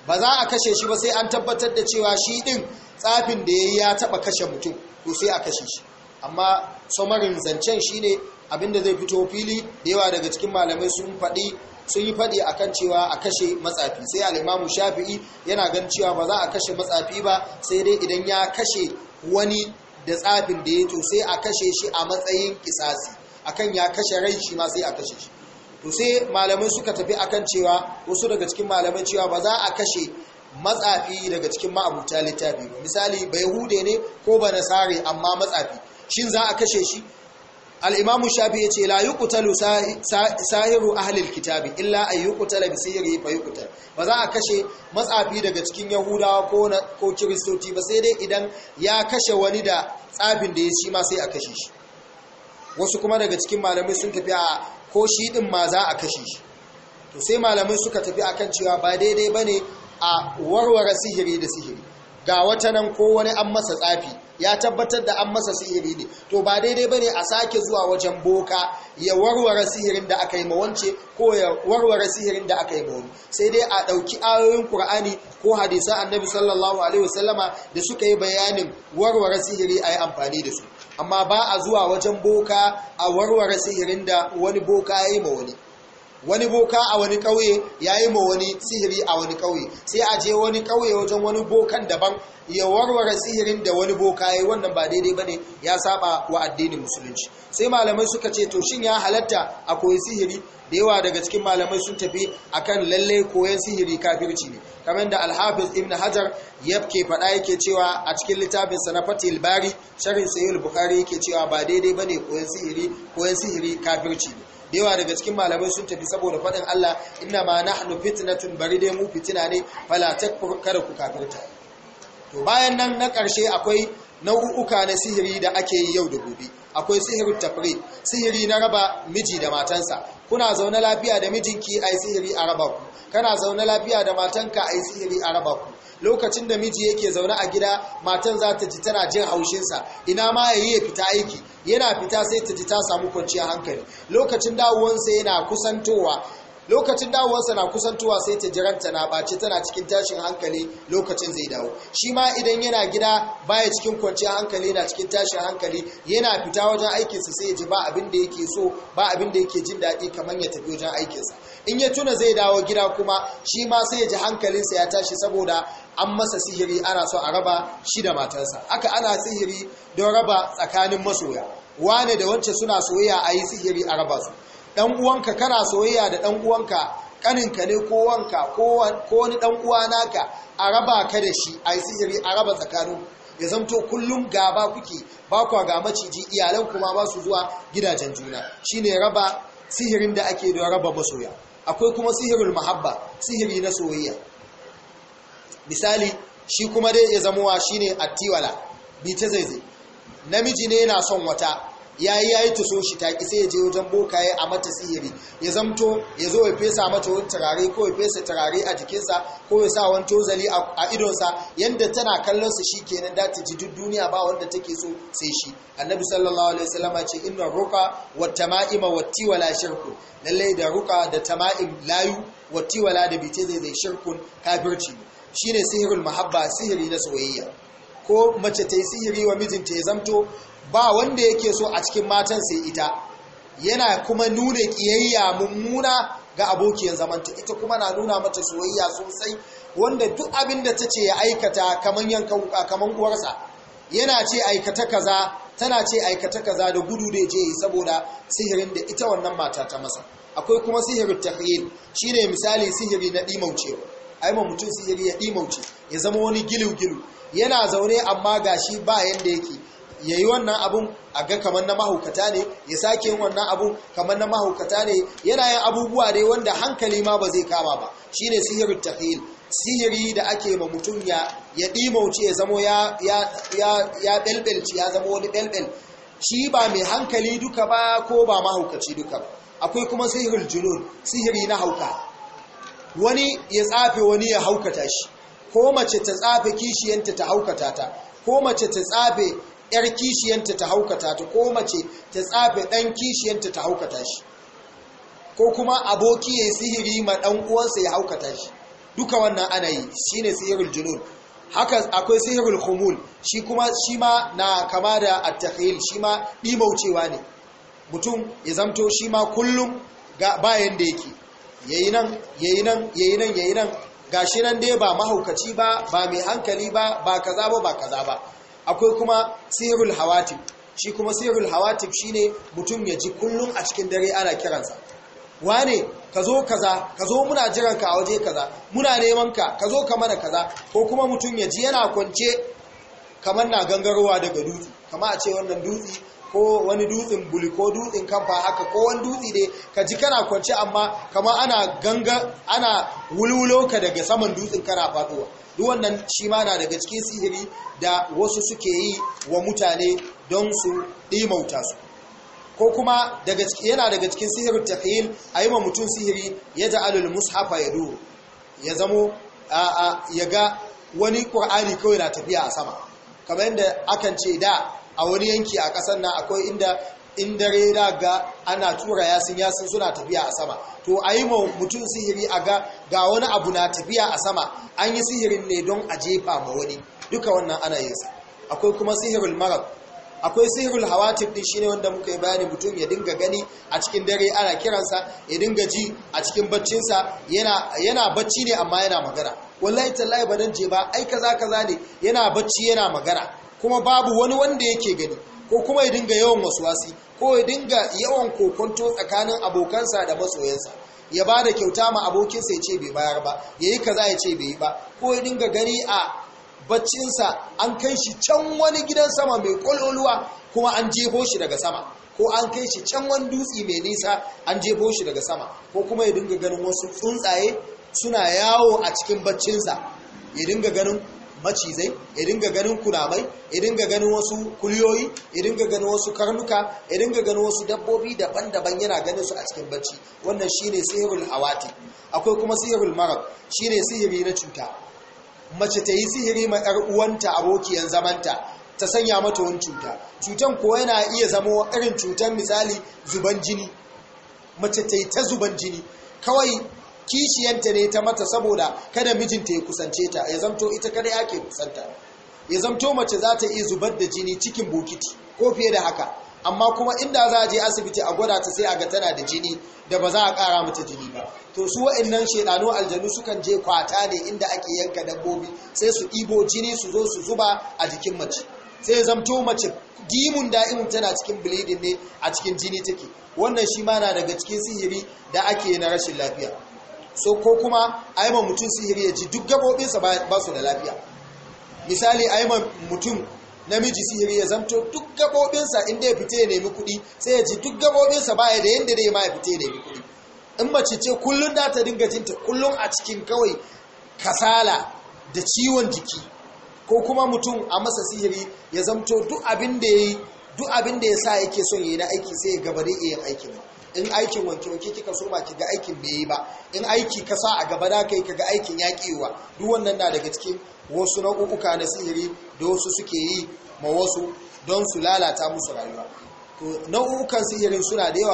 ba za a kashe shi ba sai an tabbatar da cewa shi din tsafin da ya yi ya taba kashe mutum ko sai a kashe shi amma somarin zancen shi shine abinda zai fito fili da yawa daga cikin malamai sun faɗi sun yi faɗi a kan cewa a kashe matsafi sai Alimamu Shafi'i yana gan cewa ba za a kashe matsafi ba sai dai idan ya kashe wani da tsafin da ya to sai a kashe shi a matsayin kisasi akan ya kashe rai shi ma sai a kashe shi to sai malamai suka tafi akan cewa wasu daga cikin malamai cewa ba za a kashe matsafi daga cikin ma'abuta littafi ba misali ba yahude ne ko ba nasare amma matsafi shin za a kashe shi al'imamu shafi ya ce la yi kutalu sahiru ahalil kitabi illa a yi kutala bisiri fa yi kutal ba za a kashe matsafi daga cikin yahudawa ko kiristoci ba sai dai idan ya kashe wani da tsafin da ya shi ma sai a kashe shi wasu kuma daga cikin malamai sun tafi a ko shi din ma za a kashe shi to sai malamai suka tafi akan cewa ba daidai bane a warware sihiri da sihiri ga wata nan ko wani an masa tsafi ya tabbatar da an masa sihiri ne to ba daidai bane a sake zuwa wajen boka ya warware sihirin da aka yi ma wance ko ya warware sihirin da aka yi ma wani sai dai a ɗauki ayoyin Kur'ani ko hadisan Annabi sallallahu alaihi wasallama da suka yi bayanin warware sihiri a yi amfani da su amma ba a zuwa wajen boka a warware sihirin da wani boka ya yi ma wani wani boka a wani kauye ya yi ma wani sihiri a wani kauye, sai a je wani kauye wajen wani bokan daban ya warware sihirin da wani boka ya yi wannan ba daidai ba ne ya saba wa addinin musulunci sai malamai suka ce to shin ya halatta a koyi sihiri da yawa daga cikin malamai sun tafi a kan lalle koyan sihiri kafirci ne kamar da alhafiz ibn hajar ya ke faɗa yake cewa a cikin littafinsa na fatil bari sharhin sayyid bukhari yake cewa ba daidai ba ne koyan sihiri koyan sihiri kafirci ne da yawa daga cikin malamai sun tafi saboda faɗin Allah inna ma nahnu fitnatun bari dai mu fitina ne fala takfur ku kafirta to bayan nan na ƙarshe akwai nau'uka na sihiri da ake yi yau da gobe akwai sihirin tafri sihiri na raba miji da matansa kuna zaune lafiya da mijinki a yi sihiri a raba ku kana zaune lafiya da matanka a yi sihiri a raba ku lokacin da miji yake zaune a gida matan za ta ji tana jin haushinsa ina ma ya yi ya fita aiki yana fita sai ta ji ta samu kwanciyar hankali lokacin dawowansa yana kusantowa lokacin dawowarsa na kusantowa sai ta jiranta na ɓace tana cikin tashin hankali lokacin zai dawo shi ma idan yana gida baya cikin kwanciyar hankali na cikin tashin hankali yana fita wajen aikinsa sai ya ji ba abin da yake so ba abin da yake jin daɗi kamar ya tafi wajen aikinsa in ya tuna zai dawo gida kuma shi ma sai ya ji hankalinsa ya tashi saboda an masa sihiri ana so a raba shi da matarsa aka ana sihiri don raba tsakanin masoya wane da wance suna soyayya a yi sihiri a raba su dan uwanka kana soyayya da dan uwanka kaninka ne ko wanka ko wani dan uwa naka a raba ka da shi a yi sihiri a raba tsakanin ya zamto kullum gaba kuke ba kwa ga maciji iyalan kuma ba su zuwa gidajen juna shine raba sihirin da ake don raba masoya akwai kuma sihirin mahabba sihiri na soyayya misali shi kuma dai ya zamowa shine attiwala bi ta zaizai namiji ne yana son wata yayi yayi tuso shi ta ki sai ya je wajen bokaye a mata sihiri ya zamto ya zo ya fesa mata wani turare ko ya fesa turare a jikinsa ko ya sa wani tozali a idonsa yadda tana kallon sa shi da ta ji duk duniya ba wanda take so sai shi annabi sallallahu alaihi wasallam ce inna ruka wa tama'ima wa tiwala shirku lalle da ruka da tama'im layu wa tiwala da bice zai zai shirkun kafirci shine sihirul mahabba sihiri na soyayya ko mace ta yi sihiri wa mijinta ya zamto ba wanda yake so a cikin matan sai ita yana kuma nuna ƙiyayya mummuna ga abokiyar zamanta ita kuma na nuna mata soyayya sosai wanda duk abin da ta ce ya aikata kaman yankan kaman uwarsa yana ce aikata kaza tana ce aikata kaza da gudu da je yi saboda sihirin da ita wannan mata ta masa akwai kuma sihirin tahyil shine misali sihiri na dimaucewa ai mutum sihiri ya dimauce ya zama wani gilu-gilu yana zaune amma gashi ba yanda yake ya yi wannan abun a ga kamar na mahaukata ne ya sake yin wannan abun kamar na mahaukata ne yana yin abubuwa dai wanda hankali ma ba zai kama ba shi ne sihirin tahil sihiri da ake ma mutum ya ɗimauci ya zamo ya ya ya zamo wani belbel shi ba mai hankali duka ba ko ba mahaukaci duka akwai kuma sihirin junun sihiri na hauka wani ya tsafe wani ya haukata shi ko mace ta tsafe kishiyanta ta haukata ta ko mace ta tsafe yar kishiyanta ta haukata ta ko mace ta tsafe dan kishiyanta ta haukata shi ko kuma aboki ya sihiri ma dan uwansa ya haukata shi duka wannan ana yi shine sihirul junun haka akwai sihirul khumul shi kuma shi ma na kama da at-takhil shi ma dimaucewa ne mutum ya zamto shi ma kullum ga bayan da yake yayi nan yayi nan yayi nan yayi nan gashi nan dai ba mahaukaci ba ba mai hankali ba ba kaza ba ba kaza ba akwai kuma sirrul hawatif shi kuma sirrul shi shine mutum ya ji kullum a cikin dare ana kiransa wane ka zo kaza ka zo muna jiran ka a waje kaza muna neman ka ka zo ka mana kaza ko kuma mutum ya ji yana kwance kamar na gangarowa daga dutse Kamar a ce wannan dutse ko wani dutsen buli ko dutsen kamfa haka ko wani dutse dai ka ji kana kwance amma kama ana ganga ana wulwulo ka daga saman dutsen kana faduwa duk wannan shi ma na daga cikin sihiri da wasu suke yi wa mutane don su ɗimauta su ko kuma yana daga cikin sihirin takhil a yi ma mutum sihiri ya alul mushafa ya duru ya zamo ya ga wani ƙur'ani kawai na tafiya a sama kamar yadda akan ce da a wani yanki a ƙasar nan akwai inda in dare na ga ana tura yasin yasin suna tafiya a sama to a yi mutum sihiri a ga ga wani abu na tafiya a sama an yi sihirin ne don a jefa ma wani duka wannan ana yin sa akwai kuma sihirul marab akwai sihirul hawatif din shine wanda muka yi bayani mutum ya dinga gani a cikin dare ana kiransa ya dinga ji a cikin baccinsa yana yana bacci ne amma yana magana wallahi tallahi ba dan je ba ai kaza kaza ne yana bacci yana magana kuma babu wani wanda yake gani ko kuma ya dinga yawan wasi, ko ya dinga yawan kokonto tsakanin abokansa da masoyansa ya ba da kyauta ma abokinsa ya ce bai bayar ba ya yi kaza ya ce bai yi ba ko ya dinga gani a baccinsa an kai shi can wani gidan sama mai kwaloluwa kuma an jefo shi daga sama ko an kai shi can wani dutse mai nisa an jefo shi daga sama ko kuma ya dinga ganin wasu tsuntsaye suna yawo a cikin baccinsa ya dinga ganin macizai ya dinga ganin kunamai ya dinga ganin wasu kuliyoyi ya dinga ganin wasu karnuka ya dinga ganin wasu dabbobi daban-daban yana ganin su a cikin bacci wannan shine sihirul awati akwai kuma sihirul marab shine sihiri na cuta mace ta yi sihiri ma yar uwanta abokiyan zamanta ta sanya mata wani cuta cutan ko yana iya zama irin cutan misali zuban jini mace ta yi ta zuban jini kawai kishiyanta ne ta mata saboda kada mijinta ya kusance ta ya zamto ita kada yake kusanta ya zamto mace za ta iya zubar da jini cikin bokiti ko fiye da haka amma kuma inda za a je asibiti a gwada ta sai a ga tana da jini da ba za a kara mata jini ba to su wa'annan shedanu aljanu sukan je kwata ne inda ake yanka dabbobi sai su ɗibo jini su zo su zuba a jikin mace sai ya zamto mace dimun da'imun tana cikin bleeding ne a cikin jini take wannan shi ma na daga cikin sihiri da ake na rashin lafiya so ko kuma a yi mutum sihiri ya ji duk gabobinsa ba su da lafiya misali a yi mutum namiji sihiri ya zamto duk gabobinsa inda ya fita ya nemi kuɗi sai ya ji duk gabobinsa ba ya da yadda da ma ya fita ya nemi kuɗi in mace ce kullum da ta dinga jinta kullum a cikin kawai kasala da ciwon jiki ko kuma mutum a masa sihiri ya zamto duk abin da ya yi duk abin da ya sa yake son yi na aiki sai ya gabare iya aikin ba in aikin wanke-wanke kika so ba ki ga aikin bai yi ba in aiki ka sa a gaba da kai ka ga aikin ya ƙiwa duk wannan na daga cikin wasu nau'uka na sihiri da wasu suke yi ma wasu don su lalata musu rayuwa nau'ukan sihirin suna da yawa